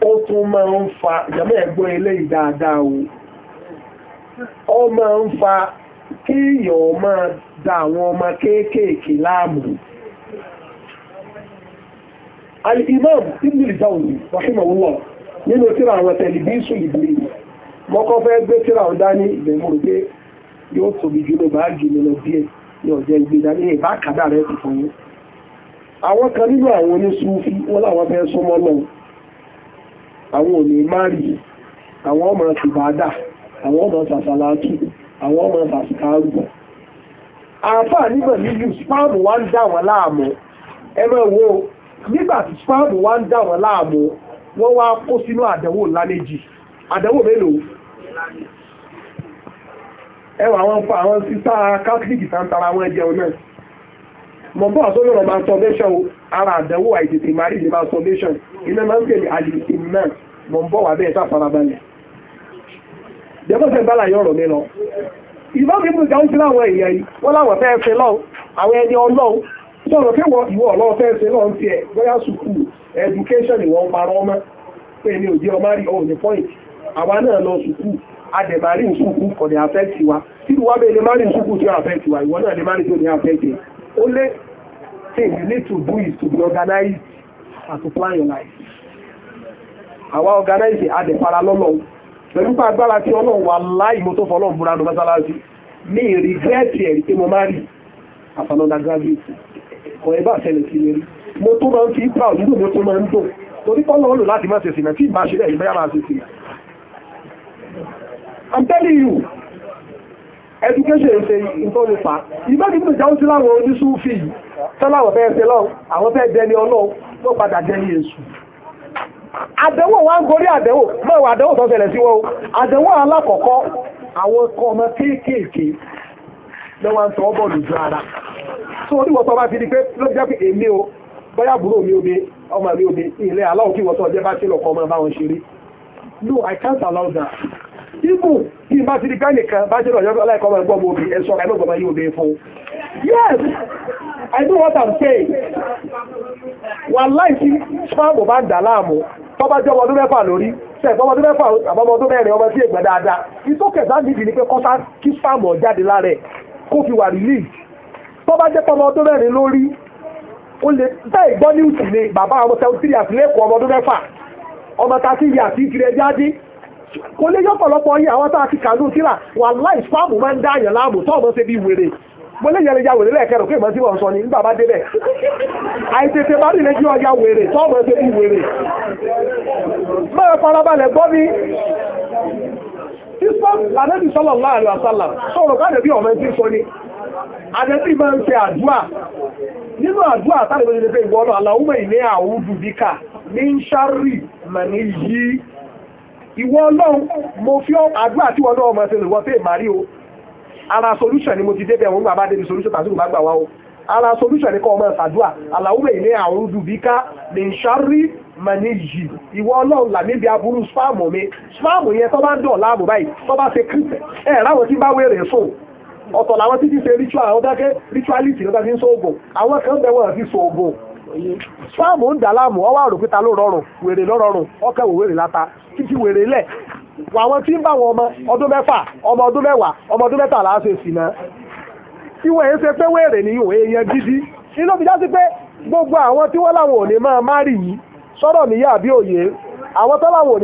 ó tún máa ń fa ìjàmọ́ ẹ̀gbọ́n eléyìí o ó máa ń fa kí máa da àwọn ọmọ kéékèèké láàmù imam ibn al nínú tíra àwọn tẹlifíṣù ìdílé mọ́kọ́ fẹ́ gbé tíra àwọn dání rẹ̀ pé yóò tóbi jù lọ báàgì díẹ̀ ní ọ̀jẹ́ ìgbé dání ìbá kàdá rẹ̀ ti fún yín. àwọn kan nínú àwọn wọn àwọn ò ní márì àwọn ọmọ ṣùgbádà àwọn ọmọ ṣàṣàlátù àwọn ọmọ ṣàṣìkárù àfà nígbà nílùú spáàmù wá ń dà wọ́n láàmú ẹ̀rọ wo nígbà tí spáàmù wá ń dà wọ́n láàmú wọ́n wá kó sínú àdánwò ńlá méjì àdánwò mélòó ẹwà àwọn sísá catholic sáńtara wọn jẹun náà mọ̀ bọ́ àtọ́ lọ́rọ̀ masturbation ara àdánwò àìtètè mari ní masturbation iná máa ń pè ní àlìkì náà mọ̀ bọ́ wà bẹ́ẹ̀ sáfarabalẹ̀ jẹ́bọ́sẹ̀ bá láyé ọ̀rọ̀ mi lọ ìbámu ìbú ìjà ń fi láwọn èèyàn yìí wọ́n láwọn fẹ́ fẹ́ lọ àwọn ẹni ọlọ́run sọ̀rọ̀ pé wọ́n ìwọ ọlọ́run fẹ́ fẹ́ lọ́n tiẹ̀ bóyá sùkúù education ìwọ̀n ń parọ́ ọmọ pé ní òjì ọmọ rí òun ní point àwa náà lọ sùkúù adẹ̀márì sùkúù kò ní affect wa tí ìwà bẹ́ẹ̀ lè má rí sùkúù tí ó affect wa ìwọ náà lè má rí tí ó ní affect ó lé thing you need to do is to be organized and to plan your life. àwa organize adẹ̀fara lọ́lọ́wọ́ pẹ̀lú pa agbára tí ọlọ́run wà láì mo tó fọlọ́run búra ní mọ́sálásí mi rìgírẹ́tì ẹ̀rí pé mo máa rí àfàlọ́dà gravity ọ̀rẹ́ bá ṣẹlẹ̀ sí mi rí mo tó máa ń fi ipa òdúdó mo tó máa ń dùn torí kọ́lọ́ ọ̀lù láti má ṣe sìnà tí ìbáṣe rẹ̀ ìbáyà máa ṣe sìnà. I'm telling you education ṣe nǹkan nípa ìbẹ́ni tó jáwó sí láwọn oníṣúfì yìí tọ́láwọ̀ fẹ́ ṣe lọ́wọ́ àwọn fẹ́ dẹni ọlọ́wọ́ ló padà dẹni èṣù àdẹ̀wò wa ń gorí àdẹ̀wò mẹ́wàá àdẹ̀wò tó ṣẹlẹ̀ sí wọn o àdẹ̀wò alákọ̀ọ́kọ́ àwọn ọkọ̀ ọmọ kéékèèké lọ́wọ́ ń tọ́ bọ́ọ̀lù ju ara tó oníwọ̀ tó bá ti di pé ló jẹ́ pé èmi o bóyá àbúrò mi obe ọmọ mi obe ilẹ̀ aláwọ̀ kí wọ́n tó ọjẹ́ bá ṣe lọ́kọ̀ ọmọ báwọn ṣeré no I can't allow that ibù kí n bá ti di ká nìkan bá ṣe lọ́jọ́ aláìkọ́ ọmọ ẹgbọ́n omi ẹ̀ṣọ́ ọ̀gá ẹgbọ́n ọmọ yóò dé fún yes i know what i'm saying wàláì tí spam bá ń dà láàmú tọ́ba jẹ́ ọmọ ọdún mẹ́fà lórí sẹ́ẹ̀kọ́ ọmọ ọdún mẹ́fà àbọ̀mọ ọdún mẹ́rin ọmọ tí ègbà dáadáa ìtókè sáà níbi ni pé kọ́sá kí spam jáde lára ẹ̀ kó fi wà rìlíì tọ́ba jẹ́ ọmọ ọdún mẹ́rin lórí ó lè bẹ́ẹ̀ gbọ́ ní ìtìlẹ̀ bàbá ọmọ seventy three àtìlẹ́kọ̀ọ́ ọmọ ọdún mẹ́fà ọmọ thirty years àti ìkìlẹ̀ jáde kò lè yọ́pọ̀lọpọ̀ yín àwọn tá a ti kàánú síra wà láì spáàmù máa ń dá àyàn láàmú tó ọmọ ṣe bí wèrè mo lè ya wèrè lẹ́ẹ̀kẹ́ rò pé ìmọ̀ tí sọ ni nígbà bá débẹ̀ àìtètè ya wèrè tó ọmọ ṣe bí wèrè farabalẹ̀ gbọ́ mi Islam sọ́lọ̀ láàrin sọ̀rọ̀ bí sọ ni máa ń ṣe àdúà nínú àdúà táwọn ń ìwọ ọlọ́run mo fi àdúrà tí wọ́n náà mọ̀ sí ìwọ́n tẹ́ ìmàrí o ara solution ni mo ti débẹ̀ wọn bàbá débi solution tàbí kò bá gbà wá o ara solution ni kọ́ ọmọ ṣàdúà àlàúwẹ̀ ilé àwọn olùdùbíkà lè ń ṣárí mẹ́nìyì ìwọ ọlọ́run là níbi aburú spam mi spam yẹn tó bá ń dọ̀ láàmú báyìí tó bá ṣe kí ẹ ráwọn tí bá wẹ̀rẹ̀ sùn ọ̀tọ̀ làwọn títí ṣe ritual àwọn dákẹ́ rituality lọ́dọ̀ fi ń sọ ògùn àwọn kan bẹ̀ wọ́n fi sọ ògùn fáàmù ń dà láàmú ọwọ́ àròkúta ló rọrùn wèrè ló rọrùn wò láta títí wèrè lẹ̀ wà wọn tí ń bá wọn ọmọ ọdún mẹ́fà ọmọ ọdún mẹ́wàá ọmọ ọdún mẹ́tàlá ṣe sì náà ìwọ̀ ni gidi inú mi sí pé gbogbo àwọn tí wọ́n láwọn yìí sọ́dọ̀ mi àbí òye àwọn tó láwọn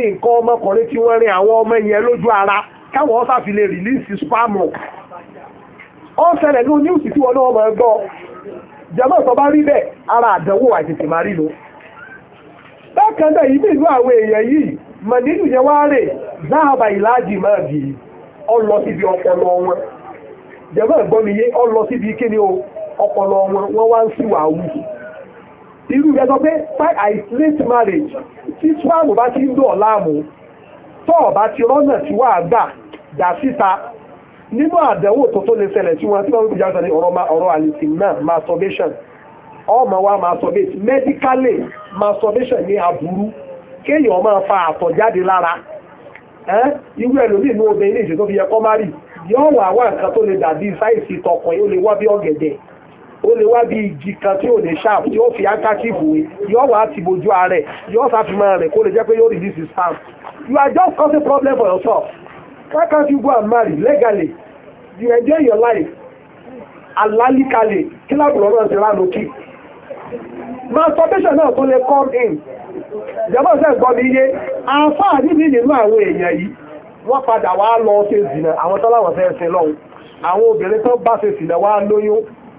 nǹkan ọmọkùnrin tí wọ́n rí àwọn ọmọ yẹn lójú ara káwọn ọ́sà fi lè rìlíìsì spámù ní oníwùsì tí wọn náà sọ ara àdánwò àìtètè máa rí yi bákan náà ìlú àwọn èèyàn yìí mọ̀ nínú yẹn wá rè ọ lọ síbi ọpọlọ wọn ọ lọ síbi kíni o ọpọlọ wọn irú rẹ̀ sọ pé isolate marriage tí swarm bá ti ń dùn ọ̀láàmù tó ọ̀bá ti rọ́nà tí wàá gbà dà síta nínú àdánwò tó tó lè ṣẹlẹ̀ tí wọ́n ti wọ́n fi jáde ní ọ̀rọ̀ àlìsìn náà masturbation ọmọ wa masturbate medically masturbation ní aburú kéèyàn máa fa àtọ̀jáde lára irú ẹlòmíì ní obìnrin ní ìṣètò fi yẹ kọ́ márì yọ̀ọ̀wà wà nǹkan tó lè dàbí sáìsì tọkùnrin ó lè wá bí ọ̀gẹ̀dẹ̀ ó lè wá bí igi kan tí ò ní ṣáàpù yóò fi ákákìfù wé yóò wá ti bojú ààrẹ yóò ṣàfihàn rẹ̀ kó lè jẹ́ pé yóò release his stamp you are just causing problem for yourself why can't you go and marry legally you enjoy your life alalikale kí lábùrọ̀ náà ti ránú kí masturbation náà tó lè come in ìjọba ṣe gbọ́ mi yé àǹfààní mi nínú àwọn èèyàn yìí wọ́n padà wá lọ ṣe zìnà àwọn tó láwọn fẹ́ ṣe lọ́hùn àwọn obìnrin tó bá ṣe zìnà wá lóyún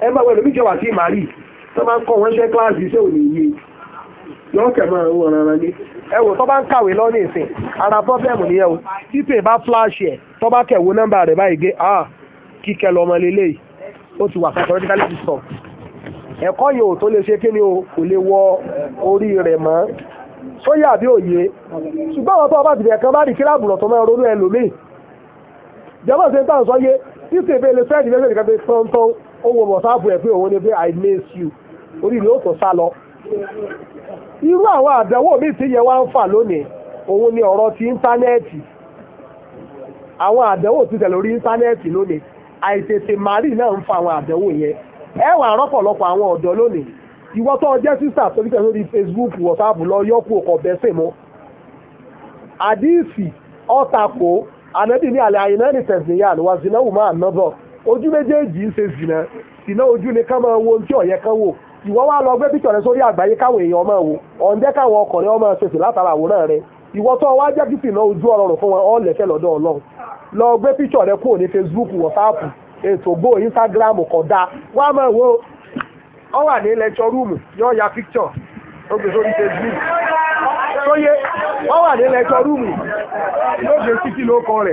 ẹ máa wẹ̀lú méjì wà sí màrí tó máa ń kọ́ wọn ṣe kíláàsì iṣẹ́ òní yé yóò kẹ̀ máa ń wọ̀n rárá ní. ẹ wò tó bá ń kàwé lọ́nà ìsìn ara pọ́fẹ́mù nìyẹn o títì bá fúláṣì ẹ̀ tó bá kẹ̀ wo nọ́mbà rẹ̀ báyìí gé a. Ah, kíkẹ́ lọ́mọ lélẹ́yìí ó ti wà psychologically disturbed ẹ̀kọ́ yìí ò tó lè ṣe kí ni o kò lè wọ orí rẹ̀ mọ́ sóyà àbí òye ṣùgbọ́n àwọn tó ọba tìbẹ̀ kan bá rí kíláàbù lọ̀tọ̀ mọ́ ronú ẹlòmíì jẹ́wọ́ ṣe ń tàn sọ́yé títì ìbéèrè O wo wọ̀sáàpù ẹ̀ pé òun ni pé i miss you orí ni ó tó sá lọ irú àwọn àdánwò míì tí yẹ wá ń fà lónìí ni ọ̀rọ̀ ti íńtánẹ́ẹ̀tì àwọn àdánwò ti tẹ̀ lórí íńtánẹ́ẹ̀tì lónìí àìtètè màrí náà ń fa àwọn àdánwò yẹn ẹ wà àwọn ọ̀dọ́ lónìí ìwọ tó sísà facebook whatsapp lọ àdìsí ojú méjèèjì ń ṣe zìnà sìnà ojú ni ká máa wo ohun tí ọ̀yẹ́ kan wò ìwọ wá lọ gbé píkítọ̀ rẹ sórí àgbáyé káwọn èèyàn máa wò ọ̀ǹdẹ́ káwọn ọkùnrin ọmọ ṣèṣì látara àwòrán rẹ ìwọ tó wá jẹ́ kí sìnà ojú ọ̀rọ̀ fún wọn ọ̀ lẹ́sẹ̀ lọ́dọ̀ ọlọ́run lọ gbé píkítọ̀ rẹ kúrò ní Facebook WhatsApp ètò gbó Instagram kódà wá máa wo ọ wà ní ya sórí Facebook ọ wà ní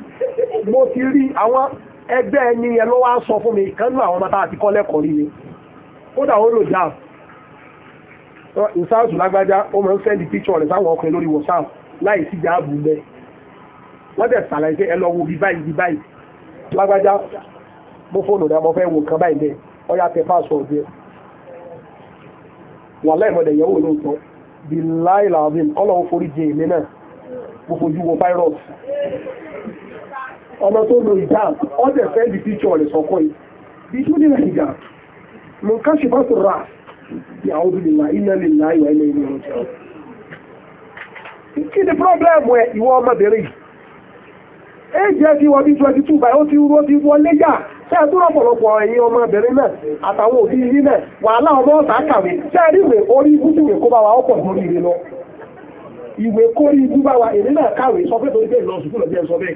mo ti rí àwọn ẹgbẹ́ ẹni yẹn ló wá sọ fún mi kan nínú àwọn ọmọ tá a ti kọ́ lẹ́kọ̀ọ́ rí ni kódà ó lò jáàbù ìsáàsù lágbájá ó máa ń sẹ́ndì píṣọ̀ rẹ̀ sáwọn ọkùnrin lórí WhatsApp láì sí jáàbù bẹ́ẹ̀ wọ́n tẹ̀ sàlàyé pé ẹ lọ wo bí báyìí bí báyìí lágbájá mo fóònù rẹ̀ mo fẹ́ wo nǹkan báyìí bẹ́ẹ̀ ọ yà tẹ páṣọ̀ọ̀dù ẹ̀ wà láìmọ̀dẹ̀ yẹ̀wò lóòótọ́ bí láìláàbìn ọlọ́run forí jẹ èmi náà mo fojú fáírọ̀sì ọmọ tó lo ìjáàb ọdẹ fẹ́ di píṣọ rẹ̀ sọ́kọ́ yìí bí tó ní nàìjíríà mo ká bá tó rà ní àwọn obìnrin iná lè là ìwà ilẹ̀ ìlú ọjà kí ni pírọ́blẹ́mù ẹ ìwọ ọmọbìnrin èjì ẹ ti wọ bí twenty two by ó ti rú ó ti wọlé yà ṣe é dúró ọ̀pọ̀lọpọ̀ ẹ̀yin ọmọbìnrin náà àtàwọn òbí yín náà wàhálà ọmọ ọ̀tá kàwé ṣe é rí ìwé orí ibùsùn ìwé kó bá wa ọ̀pọ̀ lórí ìwé lọ ìwé kórí ibú bá wa èmi náà kàwé sọ pé torí bẹ́ẹ̀ lọ sùkúlù ọ̀bí ẹ̀ sọ bẹ́ẹ̀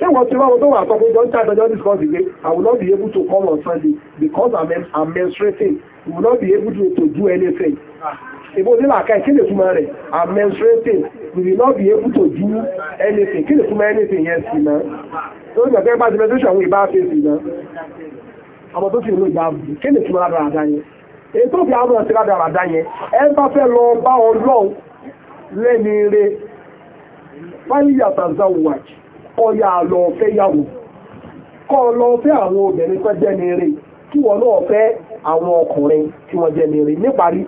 ṣé wọ́n ti ráwọ́ tó wà sọ pé jọ ń charge ọjọ́ discuss ìwé I will not be able to call on Sunday because I'm, I'm menstruating I will not be able to, do anything ìbò nílà ká kí lè túmọ̀ rẹ̀ I'm menstruating we will not be able to do anything kí lè túmọ̀ anything yẹn sí náà tó ń gbàgbé bá ti menstruation àwọn ìbá fèsì náà ọmọ tó ti ń lo ìbá kí lè túmọ̀ rárá àdá yẹn èyí tó fi àwọn ọ̀sẹ̀ rárá àdá yẹn ẹ bá fẹ́ lọ bá Ọlọ́run lẹ́ni rẹ̀ fáyìyàtà zawaj kọ́ ya lọ fẹ́ yàwó kọ́ lọ fẹ́ àwọn obìnrin tó jẹ́ ní eré kí wọ́n náà fẹ́ àwọn ọkùnrin tí wọ́n jẹ́ ní eré níparí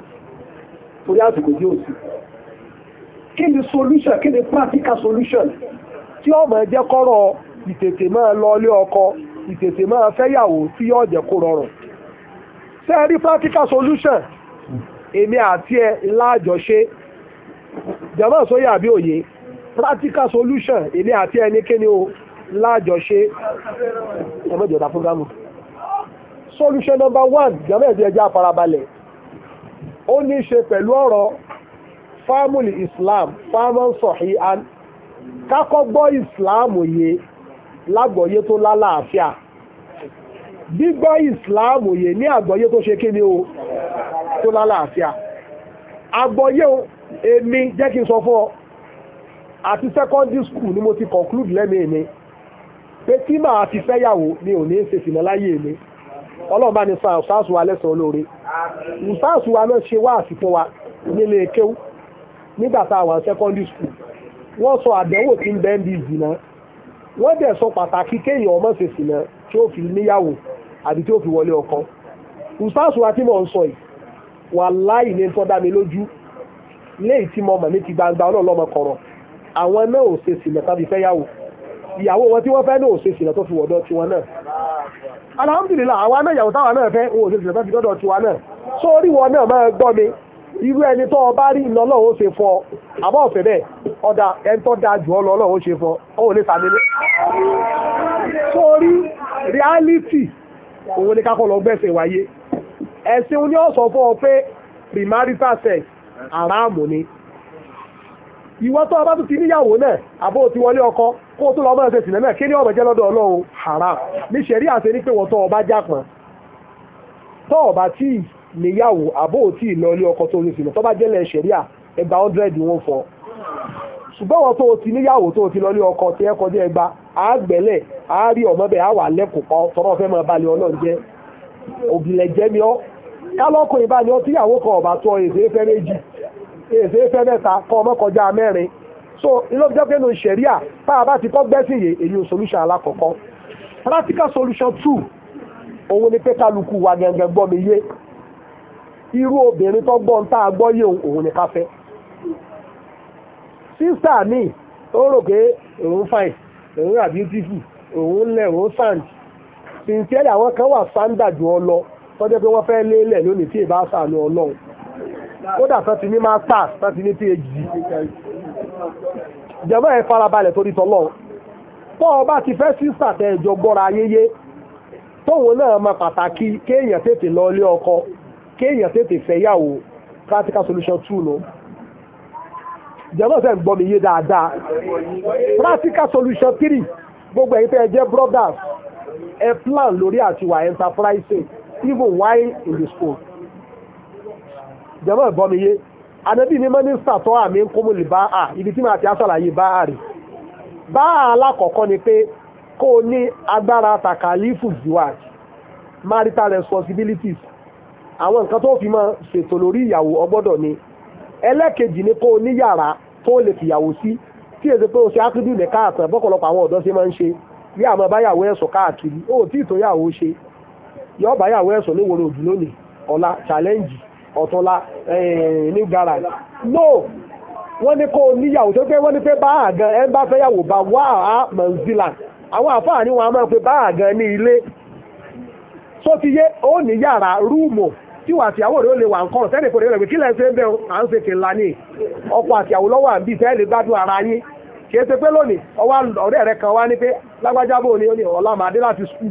torí àsìkò tí ó sì kí ni solution kí ni practical solution tí ọmọ ẹ jẹ́ kọ́rọ̀ ìtètè máa lọ ilé ọkọ ìtètè máa fẹ́yàwó tí yóò jẹ́ kó rọrùn ṣé ẹ rí practical solution èmi àti ẹ láàjọṣe jàmọ́ sóyè àbí òye practical solution èmi àti ẹnikẹ́ni o láàjọṣe ẹ̀mọ́jọ̀dá fúgámù solution number one jàmọ́ ẹ̀dí ẹja àfarabalẹ̀ ó ní í ṣe pẹ̀lú ọ̀rọ̀ fámùlì islam fámọ́ sọ̀hí an kákọ́gbọ́ islam yé lágbọ̀yé tó lálàáfíà gbígbọ́ islam yé ní àgbọ̀yé tó ṣe kíni o tó lálàáfíà àgbọ̀yé o èmi jẹ́ kí n sọ fún ọ àti secondary school ni mo ti conclude lẹ́mìí mi pé tí màá ti fẹ́yàwó mi ò ní í ṣe sìnà láyé mi ọlọ́run bá ní sa ọ̀sáàsù wa lẹ́sàn-án olóore ọ̀sáàsù wa náà ṣe wá àsìkò wa nílé kéwú nígbà tá a wà ní secondary school wọ́n sọ àdánwò tí ń bẹ́ẹ̀ bí ìzìnà wọ́n dẹ̀ sọ pàtàkì kéèyàn ọmọ ṣe sìnà tí ó fi níyàwó àbí tí ó fi wọlé ọkọ ọ̀sáàsù wa tí mò ń sọ yìí wà láì ní tọ́ dá mi lójú léyìí tí mo mọ̀ ní ti gbangba ọlọ́run lọ́mọ kọ̀rọ̀ àwọn náà ò ṣe sílẹ̀ tàbí fẹ́yàwó ìyàwó wọn tí wọ́n fẹ́ náà ò ṣe sílẹ̀ tó fi wọ̀dọ̀ tiwọn náà alhamdulillah àwa náà ìyàwó táwa náà fẹ́ wọn ò ṣe sílẹ̀ tó fi dọ́dọ̀ tiwa náà sórí wọn náà máa gbọ́ mi irú ẹni tó ọba rí iná lọ́wọ́ ó ṣe fọ àbọ̀ ọ̀fẹ́ bẹ́ẹ̀ ọ̀dà ẹni tó dáa jù ọ lọ lọ́wọ́ ṣe fọ ó lè sàmì lé sórí reality òun ni kákọ́ lọ gbẹ̀sẹ̀ wáyé ẹ̀sìn ni ó sọ fún ọ pé primarital sex aráàmù ni ìwọ tó o bá tún ti níyàwó náà àbó ti wọlé ọkọ kó o tún lọ́ọ́ máa ṣe sílẹ̀ náà kí ni ọ̀bẹ̀jẹ́ lọ́dọ̀ ọlọ́run haram ní ṣẹ̀rí àṣẹ ní pé wọ́n tó o bá jápọn tó o bá tí níyàwó àbó tí ì lọ́ọ́lé ọkọ tó o ní sílẹ̀ tó bá jẹ́lẹ̀ ṣẹ̀rí à ẹgbà hundred wọn fọ ṣùgbọ́n wọn tó o ti níyàwó tó o ti lọ́ọ́lé ọkọ tí ẹ kọjá ẹgbà àgbẹ̀lẹ̀ àárí ọmọ bẹ́ẹ̀ àwà lẹ́kọ̀ọ́ tọ́rọ fẹ́ máa balẹ̀ ọlọ́run jẹ́ òbílẹ̀ jẹ́ mi ọ́ kálọ́kùnrin bá ní ọtíyàwó kan ọ̀bà tó èdè fẹ́ méjì èsè fẹ́ mẹ́ta kọ́ ọmọ kọjá mẹ́rin so iná jẹ́ pé nù sẹ̀ríà tá a bá ti kọ́ gbẹ́sìn yìí èyí ò solution alákọ̀ọ́kọ́ practical solution two òun ni pé kálukú wa gẹ́gẹ́ gbọ́ mi yé irú obìnrin tó gbọ́ ń tá a gbọ́ yé òun ni ká fẹ́ sísà mi ó rò pé òun fine òun are beautiful òun lẹ̀ òun sand sincerely àwọn kan wà standard jù ọ lọ tọ́jọ́ pé wọ́n fẹ́ lélẹ̀ lónìí tí ì bá sàánú ọlọ́run kódà tán ti ní masters tán ti ní phd jẹ̀mọ́ ẹ̀ farabalẹ̀ torí tọ́lọ́ tọ́ ọ bá ti fẹ́ sísà tẹ ẹjọ́ gbọ́ra ayẹyẹ tóun náà mọ pàtàkì kéèyàn tètè lọ ilé ọkọ kéèyàn tètè fẹ́yàwó practical solution two lọ jẹ̀mọ́ sẹ́ ń gbọ́ mi yé dáadáa practical solution three gbogbo ẹ̀yin tẹ́ ẹ jẹ́ brothers ẹ plan lórí àtiwà enterprising even while in the school jẹ́mọ́ ìbọn mi yé ànábì ní mínísítà tó àmì ń kó mú lè bá a ibi tí màá ti aṣàlàyé bá a rè bá a alákọ̀ọ́kọ́ ni pé kó o ní agbára takalifu ziwaj marital responsibilities àwọn nǹkan tó fi máa ṣètò lórí ìyàwó ọgbọ́dọ̀ ni ẹlẹ́kejì ni kó o ní yàrá tó lè fìyàwó sí tí èsì pé o ṣe ákíndù ní káàtàn bọ́kọ̀lọpọ̀ àwọn ọ̀dọ́ ṣe máa ń ṣe bí àmọ́ báyàwó ẹ̀sùn káàkiri ó tí ìtòyàwó ṣe yọ́ọ̀báyàwó ẹ̀sùn níwòrò òdù lónìí ọ̀la challenge ọ̀tọ́lá eh, new garage no wọ́n ní kó níyàwó tó pé wọ́n ní pé báà gan ẹ bá fẹ́ yàwó bá wà á mọ̀nsílà àwọn àfáàní wọn a máa pe báà gan ní ilé tó ti yé ó ní yàrá rúùmù tí wà àtìyàwó ó lè wà sẹ́ni kò rẹ̀ kí lẹ́sẹ̀ ń bẹ̀ à ń ńlá ní ọkọ àtìyàwó lọ́wọ́ àbí ìfẹ́ lè gbádùn ara yín kì í ṣe pé lónìí ọwọ́ ọ̀rẹ́ rẹ̀ kan wá ní pé lágbájábò skul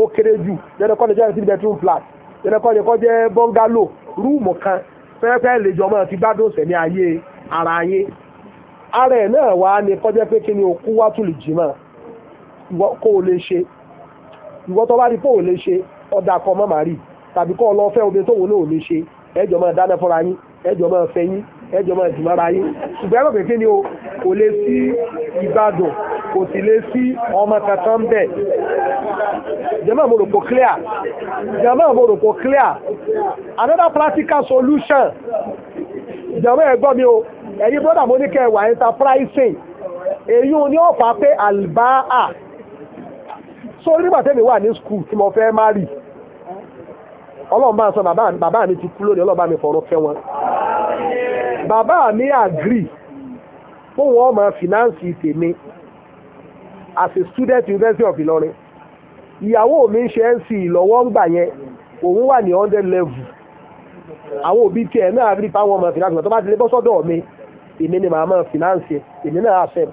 ó kéré jù dandan kọ́ ni jẹ́ three bedroom flat dandan kọ́ ni kọ́ jẹ́ bọ́ngálò rúùmù kan fẹ́ẹ́fẹ́ lè jọ ọmọ ti gbádùn sẹ̀mí ayé ara yé ara ẹ̀ náà wá ni kọ́ jẹ́ pé kí ni òkú wá tún lè jì mọ́ kó o lè ṣe ìwọ tó bá rí kó o lè ṣe ọ̀dà kan mọ́ màrí tàbí kọ́ ọ lọ fẹ́ obìnrin tóun náà ò lè ṣe ẹjọ́ máa dáná fúnra yín ẹjọ́ máa fẹ́ yín ẹjọ́ máa jù mára yín ṣùgbọ́n ẹgbẹ́ pé kí ni o kò lè sí ìbàdàn kò sì lè sí ọmọ kankan bẹ̀ jẹ́mọ̀ mo rò pò clear jẹ́mọ̀ mo rò pò clear another practical solution jẹ́mọ̀ ẹ gbọ́ mi o ẹ̀yin brother mo ní kẹ́ ẹ wà enterprising èyí ò ní ọ̀fà pé àlùbáà sórí nígbà tẹ́mi wà ní school tí mo fẹ́ má rì ọlọ́run bá ń sọ bàbá mi ti kú lónìí ọlọ́run bá mi fọ̀rọ̀ kẹ́ wọn bàbá mi agree fún wọn máa fìnáǹsì tèmi as a student University of Ilorin ìyàwó mi ń ṣe nc lọ́wọ́ ń gbà yẹn òun wà ní hundred level àwọn òbí tiẹ̀ náà rí fáwọn ọmọ fìnáǹsì tó bá ti lè bọ́ sọ́dọ̀ mi èmi ni màá máa fìnáǹsì èmi náà accept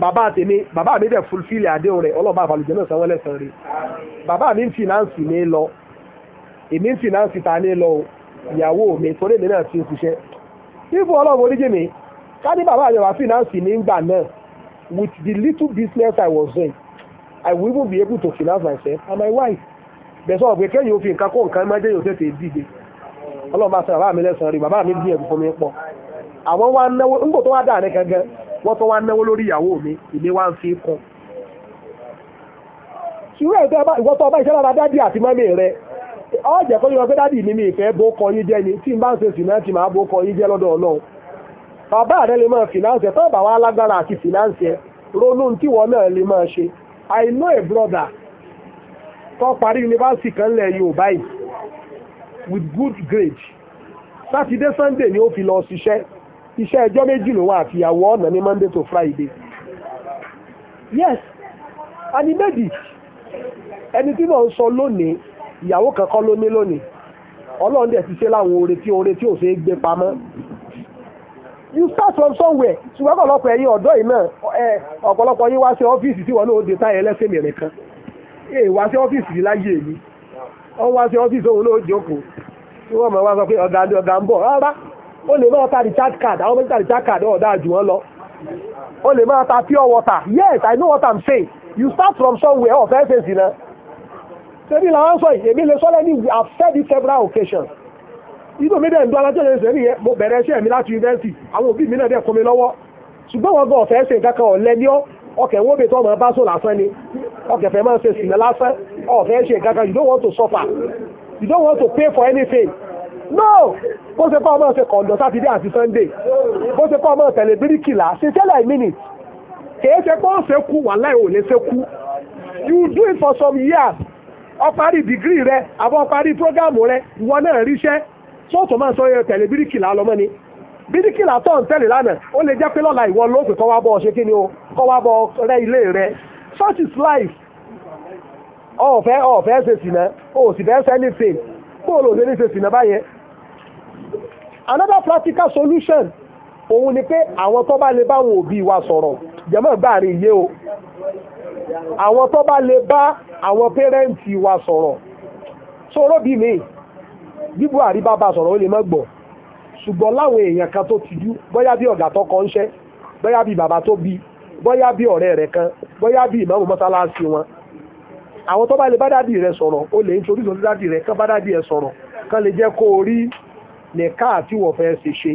bàbá tèmi bàbá mi dẹ̀ fulfili àdéhùn rẹ̀ ọlọ́ba àfàlùjẹ́ náà sanwó lẹ́sàn rí bàbá mi ń fìnáǹsì mi lọ èmi ń fìnáǹsì ta ní lọ ìyàwó mi torí èmi náà ti ń ṣiṣẹ́ ibu ọlọ́run oríjì mi ká ní bàbá mi wà mi ngbà náà with the little business I was doing I will even be able to finance myself and my wife bẹ̀sọ̀ ọ̀gbẹ́ kẹ́yìn òfin nǹkan kó nǹkan má jẹ́ yóò tètè dìde ọlọ́run bá bàbá mi lẹ́sàn-án rí bàbá mi gbìyànjú fún mi pọ̀ àwọn wa náwó ńgbò tó wá dáa ní gangan wọ́n tó wá náwó lórí ìyàwó mi èmi wá ń fi kún. ọba ìṣẹ́ lára ọ jẹ́ kó yọ pé dádì mi mi ìfẹ́ bó kọ yín jẹ́ ni tí n bá ń ṣe fìnáǹsì máa bó kọ yín jẹ́ lọ́dọ̀ ọlọ́run bàbá rẹ lè máa fìnáǹsì tó bá wà lágbára àti fìnáǹsì ronú tíwọ náà lè máa ṣe I know a brother tó parí yunifásitì kan lẹ̀ Yorùbá yìí with good grade sátidé Sunday ni ó fi lọ ṣiṣẹ́ iṣẹ́ ẹjọ́ méjì ló wà àtìyàwó ọ̀nà ní Monday to Friday yes and he made it ẹni tí mò ń sọ lónìí ìyàwó kankan ló ní lónìí ọlọ́run dẹ̀ ti ṣe láwọn oore tí oore tí ò ṣe é gbé pamọ́ you start from somewhere ṣùgbọ́n ọ̀pọ̀lọpọ̀ ẹ̀yin ọ̀dọ́ yìí náà ọ̀pọ̀lọpọ̀ yín wá sí ọ́fíìsì tí wọ́n náà ó de táyà ẹlẹ́sẹ̀ mìíràn kan èè wá sí ọ́fíìsì yìí láyé èyí wọ́n wá sí ọ́fíìsì òun náà jókòó tí wọ́n máa wá sọ pé ọ̀gá ni ọ̀gá ń bọ̀ rárá ó lè máa ta recharge card àwọn mẹ́ta recharge card ọ̀dà jù wọ́n lọ ó lè máa ta pure water yes i know what i'm saying you start from somewhere ọ̀fẹ́ ṣèṣì náà ṣebí làwọn sọ yìí èmi lè sọ lẹ́ni I have said it several occasions inú mi dẹ̀ ń dún alájọ́ yẹn sẹ́ni yẹn mo bẹ̀rẹ̀ iṣẹ́ mi láti yunifásitì àwọn òbí mi náà dẹ̀ kún mi lọ́wọ́ ṣùgbọ́n wọn gan ọ̀fẹ́ ṣe nǹkan ọ̀lẹ́ ní ọkẹ̀ wọ́n bẹ̀ tó ọmọ bá sọ lásán ni ọkẹ̀ fẹ́ máa ń ṣe sìnà lásán ọ̀fẹ́ ṣe nǹkan you don't want to suffer you don't want to pay for anything no bó ṣe kọ́ ọmọ ṣe kọ̀ǹdọ̀ sátidé àti sunday bó ṣe kọ́ ọmọ tẹ̀lé bíríkìlà ṣe tẹ́lẹ̀ minute kèé ṣe pé ó ṣe kú wàhálà ò lè ṣe kú you do it for some years ọ parí dìgírì rẹ àbọ̀ parí prógámù rẹ ìwọ náà ríṣẹ́ sóòtò máa sọ yẹ tẹ̀lé bíríkìlà lọ́mọ ni bíríkìlà tó ń tẹ̀lé lánàá ó lè jẹ́ pé lọ́la ìwọ lóòpè kọ́ ni o kọ́ wá rẹ ilé rẹ such is life ọ̀fẹ́ ọ̀fẹ́ ṣe sìnà o sì fẹ́ ṣe anything bóòlù ò ní ṣe another practical solution òun ni pé àwọn tó bá lè bá àwọn òbí wa sọ̀rọ̀ jẹ́mọ̀ bá rí iye o àwọn tó bá lè bá àwọn pẹ́rẹ́ǹtì wa sọ̀rọ̀ sọ̀rọ̀ bí mi bí Buhari bá bá sọ̀rọ̀ ó lè má gbọ́ ṣùgbọ́n láwọn èèyàn kan tó tijú bóyá bí ọ̀gá tó kọ́ ń ṣẹ́ bóyá bí bàbá tó bí bóyá bí ọ̀rẹ́ rẹ̀ kan bóyá bí ìmọ̀mù mọ́sálásí wọn àwọn tó bá lè bá dádì rẹ̀ sọ̀rọ̀ ó lè ń torí sọ dádì rẹ̀ kán bá dádì rẹ̀ sọ̀rọ̀ kán lè jẹ́ kó o rí nìka àti wọ̀fẹ́ ṣe ṣe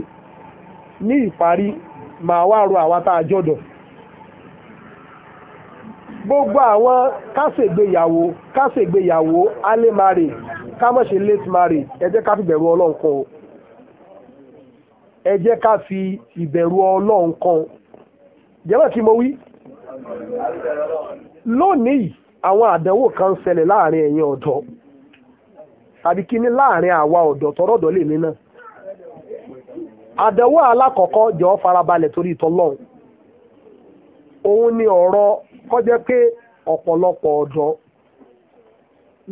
ní ìparí ma wá ro àwa tá a jọ̀dọ̀ gbogbo àwọn kásègbéyàwó kásègbéyàwó early marriage ká late marriage ẹ jẹ́ ká fi bẹ̀rù ọlọ́run kan o ẹ jẹ́ ká fi ìbẹ̀rù ọlọ́run kan jẹ́wọ́ kí mo wí lónìí àwọn àdánwò kan ń ṣẹlẹ̀ láàrin ẹ̀yin ọ̀dọ́ tàbí kí ni láàrin àwa ọ̀dọ́ tọrọ̀dọ̀ lèmi náà alakọkọ alákọ̀ọ́kọ́ ọ farabalẹ̀ torí ìtọ́lọ́run òun ni ọ̀rọ̀ kọjẹ́ pé ọ̀pọ̀lọpọ̀ ọ̀dọ́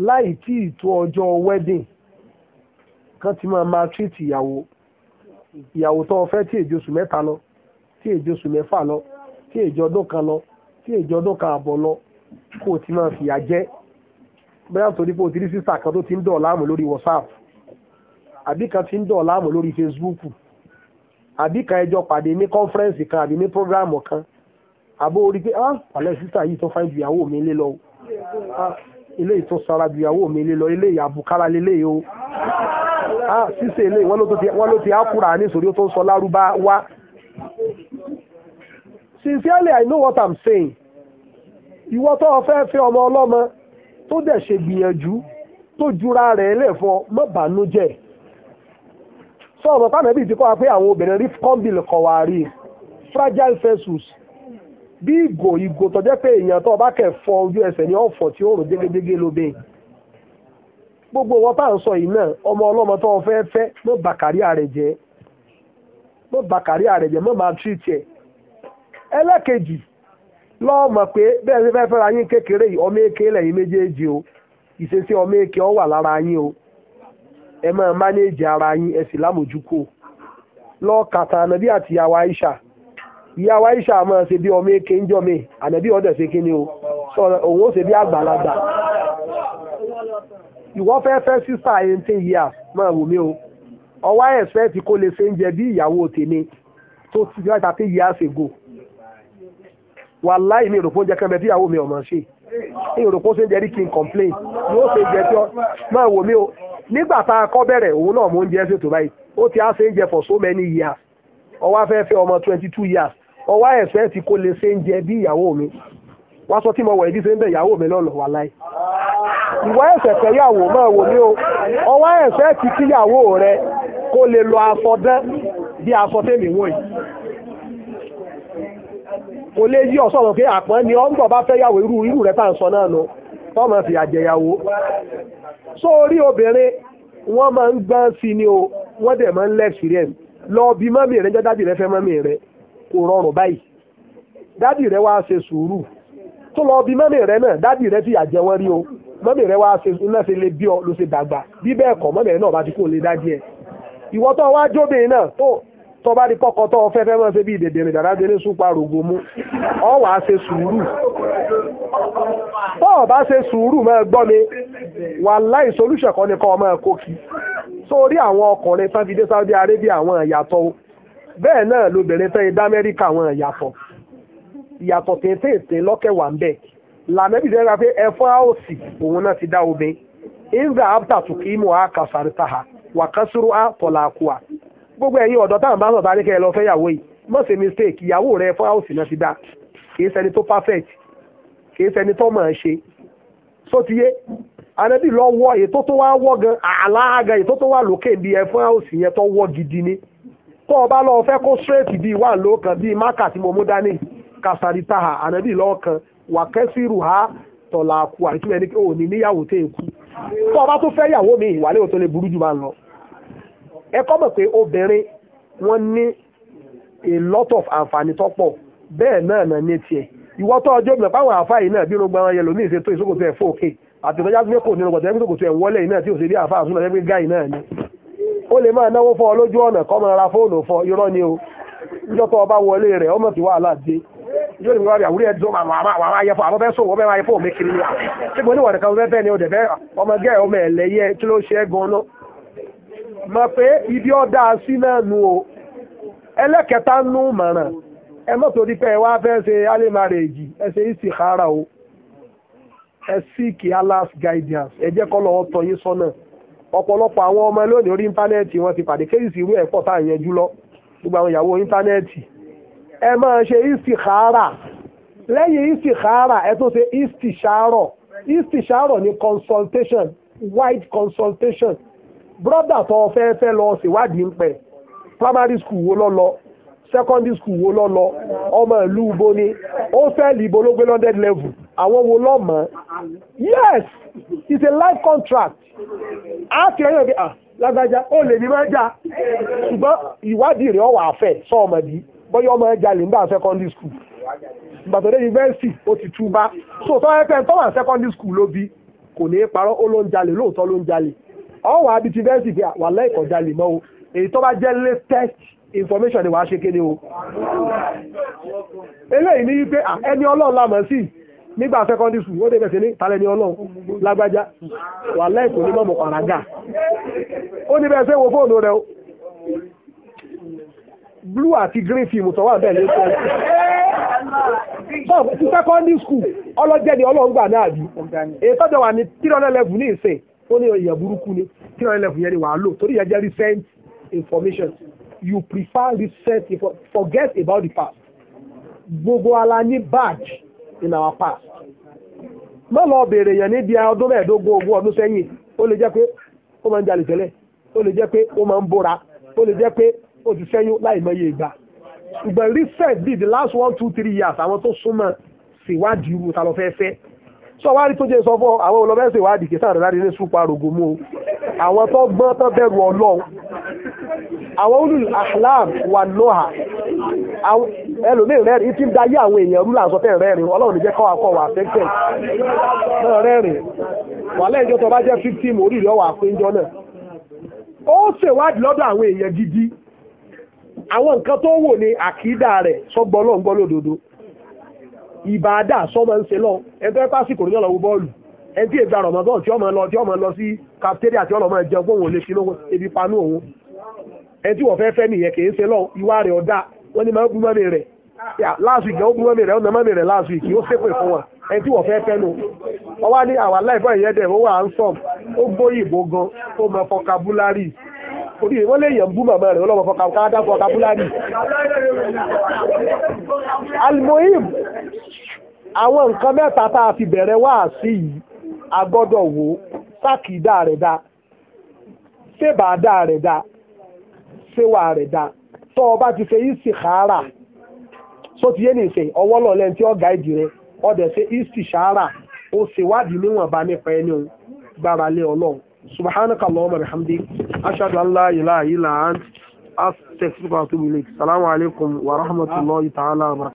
láì tí ì ọjọ́ wedding kan ti máa máa treat ìyàwó ìyàwó tó fẹ́ tí èjì oṣù mẹ́ta lọ tí èjì oṣù mẹ́fà lọ tí èjì kan lọ tí èjì kan àbọ̀ lọ Ko ti máa fìyà torí pé o ti kan tó ti ń dọ̀ láàmú WhatsApp àbí kan ti ń dọ̀ láàmú lórí àbí kan ẹjọ́ pàdé ní kọ́nfẹ́rẹ́nsì kan àbí ní prógráàmù kan àbó orí pé ah pàlẹ́ sísà yìí tó fáyín ju mi lé lọ o ah, ilé yìí tó sara ju mi lé lọ ilé yìí àbùkárà lé lé o ah sísè ilé wọn ló ti ákùrà nítorí ó tó sọ lárúbá wá sincerely I know what I'm saying ìwọ tó o fẹ́ fẹ́ ọmọ ọlọ́mọ tó dẹ̀ ṣe gbìyànjú tó jura rẹ̀ lẹ́fọ́ mọ́ bànújẹ́ sọ ọ̀rọ̀ táwọn ẹbí ti kọ́ wa pé àwọn obìnrin rí kọ́ńbìl kọ̀wárí fragile vessels bí ìgò ìgò tó jẹ́ pé èèyàn tó bá kẹ̀ fọ ojú ẹsẹ̀ ní ọ̀fọ̀ tí ó rò jégéjégé lóbe gbogbo wọn tá à ń sọ yìí náà ọmọ ọlọ́mọ tó fẹ́ fẹ́ mọ́ bàkàrí ààrẹ jẹ́ mọ́ bàkàrí ààrẹ jẹ́ mọ́ máa tírì tiẹ̀ ẹlẹ́kejì lọ́ọ́ mọ̀ pé bẹ́ẹ̀ ni fẹ́ fẹ́ra yín kékeré yìí ọmọ ẹ máa mánéèjì ara yín ẹ sì lámòjúkò lọ́ọ̀kàtà ànàbí àti ìyàwó Aisha ìyàwó Aisha máa ṣe bí ọmọ èké ń jọ ànàbí ọ̀dẹ̀ ṣe kí ni o sọ òun ó ṣe bí àgbàlagbà ìwọ fẹ́ fẹ́ sísà eighteen years máa wò mí o ọwọ́ expect kó lè ṣe ń jẹ bí ìyàwó tèmi tó ti fi láti years ago wàláì mi rò pé oúnjẹ kan bẹ tí ìyàwó mi ò mọ̀ ṣe mi ṣe ń jẹ rí kí n complain yóò ṣe jẹ tí ọ máa wò mí o nígbà tá a òun náà mò ń ṣètò báyìí ó ti á ṣe for so many years ọwá fẹ́ fẹ́ ọmọ twenty two years ọwá ẹ̀fẹ́ ti kó lè ṣe ń bí ìyàwó mi wá sọ tí mo wọ̀ ìdí ṣe ń bẹ̀ ìyàwó mi lọ́nà wà láì ìwọ ẹ̀fẹ́ fẹ́yàwó máa wò ní o ọwá ẹ̀fẹ́ ti rẹ kó lè lọ aṣọ dán bí aṣọ wọ̀ yìí kò lè yí pé àpọ́n ni ọ́ ń bọ̀ bá fẹ́yàwó irú irú rẹ̀ tá à ń sọ náà nù. tọ́mọ fi àjẹyàwó so orí obìnrin wọ́n máa ń gbọ́n sí ni o wọ́n dẹ̀ máa ń lẹ́ẹ̀sìrẹ́ǹ lọ bí mọ́mì rẹ jẹ́ dádì rẹ fẹ́ mọ́mì rẹ kò rọrùn báyìí dádì rẹ wá ṣe sùúrù tó lọ bí mọ́mì rẹ náà dádì rẹ ti àjẹ wọn rí o mọ́mì rẹ wá ṣe náà ṣe lè bí ọ ló ṣe dàgbà bí bẹ́ẹ̀ kọ́ mọ́mì rẹ náà bá ti kó lè dádì ẹ wá jóbìnrin náà tó tó bá di kọ́kọ́ tó fẹ́ fẹ́ máa ṣe bí ìdèdèrè rògbò mú ọ wàá ṣe sùúrù tó bá ṣe sùúrù máa gbọ́ mi wà láì kan ní ọmọ ẹ̀kọ́ kí sórí àwọn ọkùnrin sáfidé àwọn ìyàtọ̀ bẹ́ẹ̀ náà lóbìnrin tẹ́ idá Amẹ́ríkà àwọn ìyàtọ̀ ìyàtọ̀ tètè ń bẹ̀ pé ẹ̀fọ́ náà gbogbo ẹ̀yin ọ̀dọ́ táwọn bá ń sọ̀tà níkẹ́ ẹ lọ fẹ́yàwó yìí má ṣe mistake ìyàwó rẹ fọ́ọ̀sì náà ti dá kì í ṣẹni tó perfect kì í ṣẹni tó mọ̀ ọ́n ṣe sótìyé anabi lọ wọ ètò tó wá wọ gan àlàága ètò tó wà lókè bíi ẹ fọ́ọ̀sì yẹn tó wọ gidi ni tó o bá lọ fẹ́ kó straight bíi wà lókàn bíi mákà tí mo mú dání kàṣàrí táhà anabi lọ́ọ̀kan wàkẹ́sìrù ha tọ̀là àkú àti tí wọ́n ní níyàwó tẹ̀ kú tó o bá tó fẹ́ yàwó mi ìwàlẹ́ òtó lè burú jù bá lọ ẹ kọ́ mọ̀ pé obìnrin wọ́n ní a lot of àǹfààní tó pọ̀ bẹ́ẹ̀ náà náà ní tiẹ̀ ìwọ tó ọjọ́ ìgbà páwọn àáfàá yìí náà bí irun gbọ́n yẹn lòmíì ṣe tó ìṣòkòtò ẹ̀ fóòkè àtẹ̀tọ́já tó kò ní irun gbọ̀tẹ́ ìṣòkòtò ẹ̀ wọlé yìí náà tí ò sì rí àáfàá fún ọjọ́ gáì náà ni ó lè máa náwó fọ lójú ọ̀nà kọ́ máa ra fóònù fọ irọ́ ni o ìjọ tó ọba wọlé rẹ̀ ọmọ ti wàhálà dé yóò ní wọ́n rí àwúrẹ́ ẹ̀dùn àwọn àwọn ayẹfọ́ àwọn bẹ́ẹ̀ sọ̀wọ́ bẹ́ẹ̀ máa yẹ fóònù mi kiri ni à ṣé mo ní wọ̀nìkan bẹ́ẹ̀ bẹ́ẹ̀ ni ọ̀dẹ̀ bẹ́ẹ̀ ọmọ gẹ́ẹ̀ ọmọ ẹ̀lẹ́yẹ kí ló ṣe é gan-an mọ̀ pé ibi ọ̀dà sí náà nu o ẹlẹ́kẹta nù mọ̀ràn ẹ mọ̀ torí pé ẹ wá fẹ́ ṣe alimarèjì ẹ ṣe istikhara o ẹ seek Allah's guidance ẹ jẹ́ kọ́ lọ́wọ́ tọ́ yín sọ́nà ọ̀pọ̀lọpọ̀ àwọn ọmọ lónìí orí íńtánẹ́ẹ̀tì wọn ti pàdé kéyìsì irú ẹ̀ pọ̀ tá à ń yẹjú lọ gbogbo àwọn ìyàwó íńtánẹ́ẹ̀tì ẹ máa ṣe istikhara lẹ́yìn istikhara ẹ tó ṣe istisharo istisharo ni consultation wide consultation brọ́dà tó fẹ́ fẹ́ lọ ṣèwádìí ń pẹ́ primary school wo lọ lọ secondary school wo lọ lọ ọmọ ìlú ibo ni ó fẹ́ lìbò ló level àwọn wo lọ mọ̀ yes it's a life contract a ti ẹ̀yìn òkè ah lágbájá ó lè ní máa já ṣùgbọ́n ìwádìí rẹ̀ ọ̀wà àfẹ́ sọ ọmọdé ọmọ ẹja lè ń bá secondary school dé ó ti so ẹ secondary ọwọ́ àbí ti fi wà lẹ́ẹ̀kọ́ jalè mọ́ o èyí tó bá jẹ́ latest information ni wàá ṣe kéde o. eléyìí ní wípé ẹni ọlọ́run la mọ̀ sí nígbà secondary school ó dé bẹ̀sẹ̀ ní talẹ̀ ọlọ́run lágbájá wà lẹ́ẹ̀kọ́ ní mọ̀mọ́ pàràgà ó ní bẹ́ẹ̀ wo fóònù rẹ o blue àti green film tó wà bẹ́ẹ̀ lẹ́sọ̀ ẹ̀ secondary school ọlọ́jẹ́ ni ọlọ́run gbà náà bí èyí tọ́jọ́ wà ní three hundred level ní ó ní ìyẹn burúkú ni tí wọ́n lẹ̀ fún yẹn ni wàá lò torí ìyẹn jẹ́ recent information you prefer recent information forget about the past gbogbo ala ní badge in our past má lọ bèèrè yẹn níbi ọdún mẹ́ẹ̀ẹ́dógún ogún ọdún sẹ́yìn ó lè jẹ́ pé ó máa ń jalè tẹ́lẹ̀ ó lè jẹ́ pé ó máa ń bóra ó lè jẹ́ pé ó ti sẹ́yìn láì mọye ìgbà ṣùgbọ́n recent bíi the last one two three years àwọn tó súnmọ́ síwádìí irú ta lọ fẹ́ fẹ́ sọ wá rí tó jẹ́ sọ fún àwọn olọ́mẹ́sìn wádìí kìí sáré láti ní súpa rògbòmù o àwọn tó gbọ́n tó bẹ̀rù ọlọ́run àwọn olùl ahlam wà lọ́hà ẹlòmíì rẹ́rìn tí ń dayé àwọn èèyàn rúlà sọ fẹ́ rẹ́rìn ọlọ́run ní jẹ́ kọ́ akọ́ wà fẹ́kẹ̀ náà rẹ́rìn wà lẹ́yìn tó bá jẹ́ fifteen orí ìlú ọwà péjọ náà ó ṣèwádìí lọ́dọ̀ àwọn èèyàn gidi àwọn nǹkan tó wò ní àkídà rẹ̀ sọ́gbọ́n ọlọ́run gbọ́ lódodo ìbàdà sọmọ ń ṣe lọ ẹgbẹ́ pásìkò ní ọ̀lọ́wọ́ bọ́ọ̀lù ẹtí ìgbà rọ̀mọ́dọ́ tí ọmọ lọ tí ọmọ lọ sí cafeteria tí ọlọ́mọ ẹ̀jẹ̀ gbóhùn ò lè fi lówó ebi panú òun ẹtí wọ́n fẹ́ fẹ́ nìyẹn kì í ṣe lọ ìwà rẹ̀ ọ̀dà wọ́n ní máa bú mọ́mì rẹ̀ last week ó bú mọ́mì rẹ̀ ó nà mọ́mì last week ó ṣépè fún wa ẹtí wọ́n fẹ́ fẹ́ nu ọwá ní àwa láìpẹ́ ìyẹn dẹ̀ ó wà handsome ó gbóyìnbó gan ó mọ orí rẹ̀ wọ́n lè yàn bú màmá rẹ̀ ọlọ́mọ fọkà káàdá fọkà búláàdì. àwọn nǹkan mẹ́ta tá a fi bẹ̀rẹ̀ wá sí yìí a gbọ́dọ̀ wò sákìdá rẹ̀ dá sébàdá rẹ̀ dá séwà rẹ̀ dá tó o bá ti ṣe ìsìkára só ti yé ní ìṣe ọwọ́ lọ́lẹ́ tí ìdí ọ̀dẹ̀ subhanaka allahumma bihamdik ashhadu an la ilaha illa ant astaghfiruka wa atubu ilayk assalamu alaikum wa rahmatullahi ta'ala wa barakatuh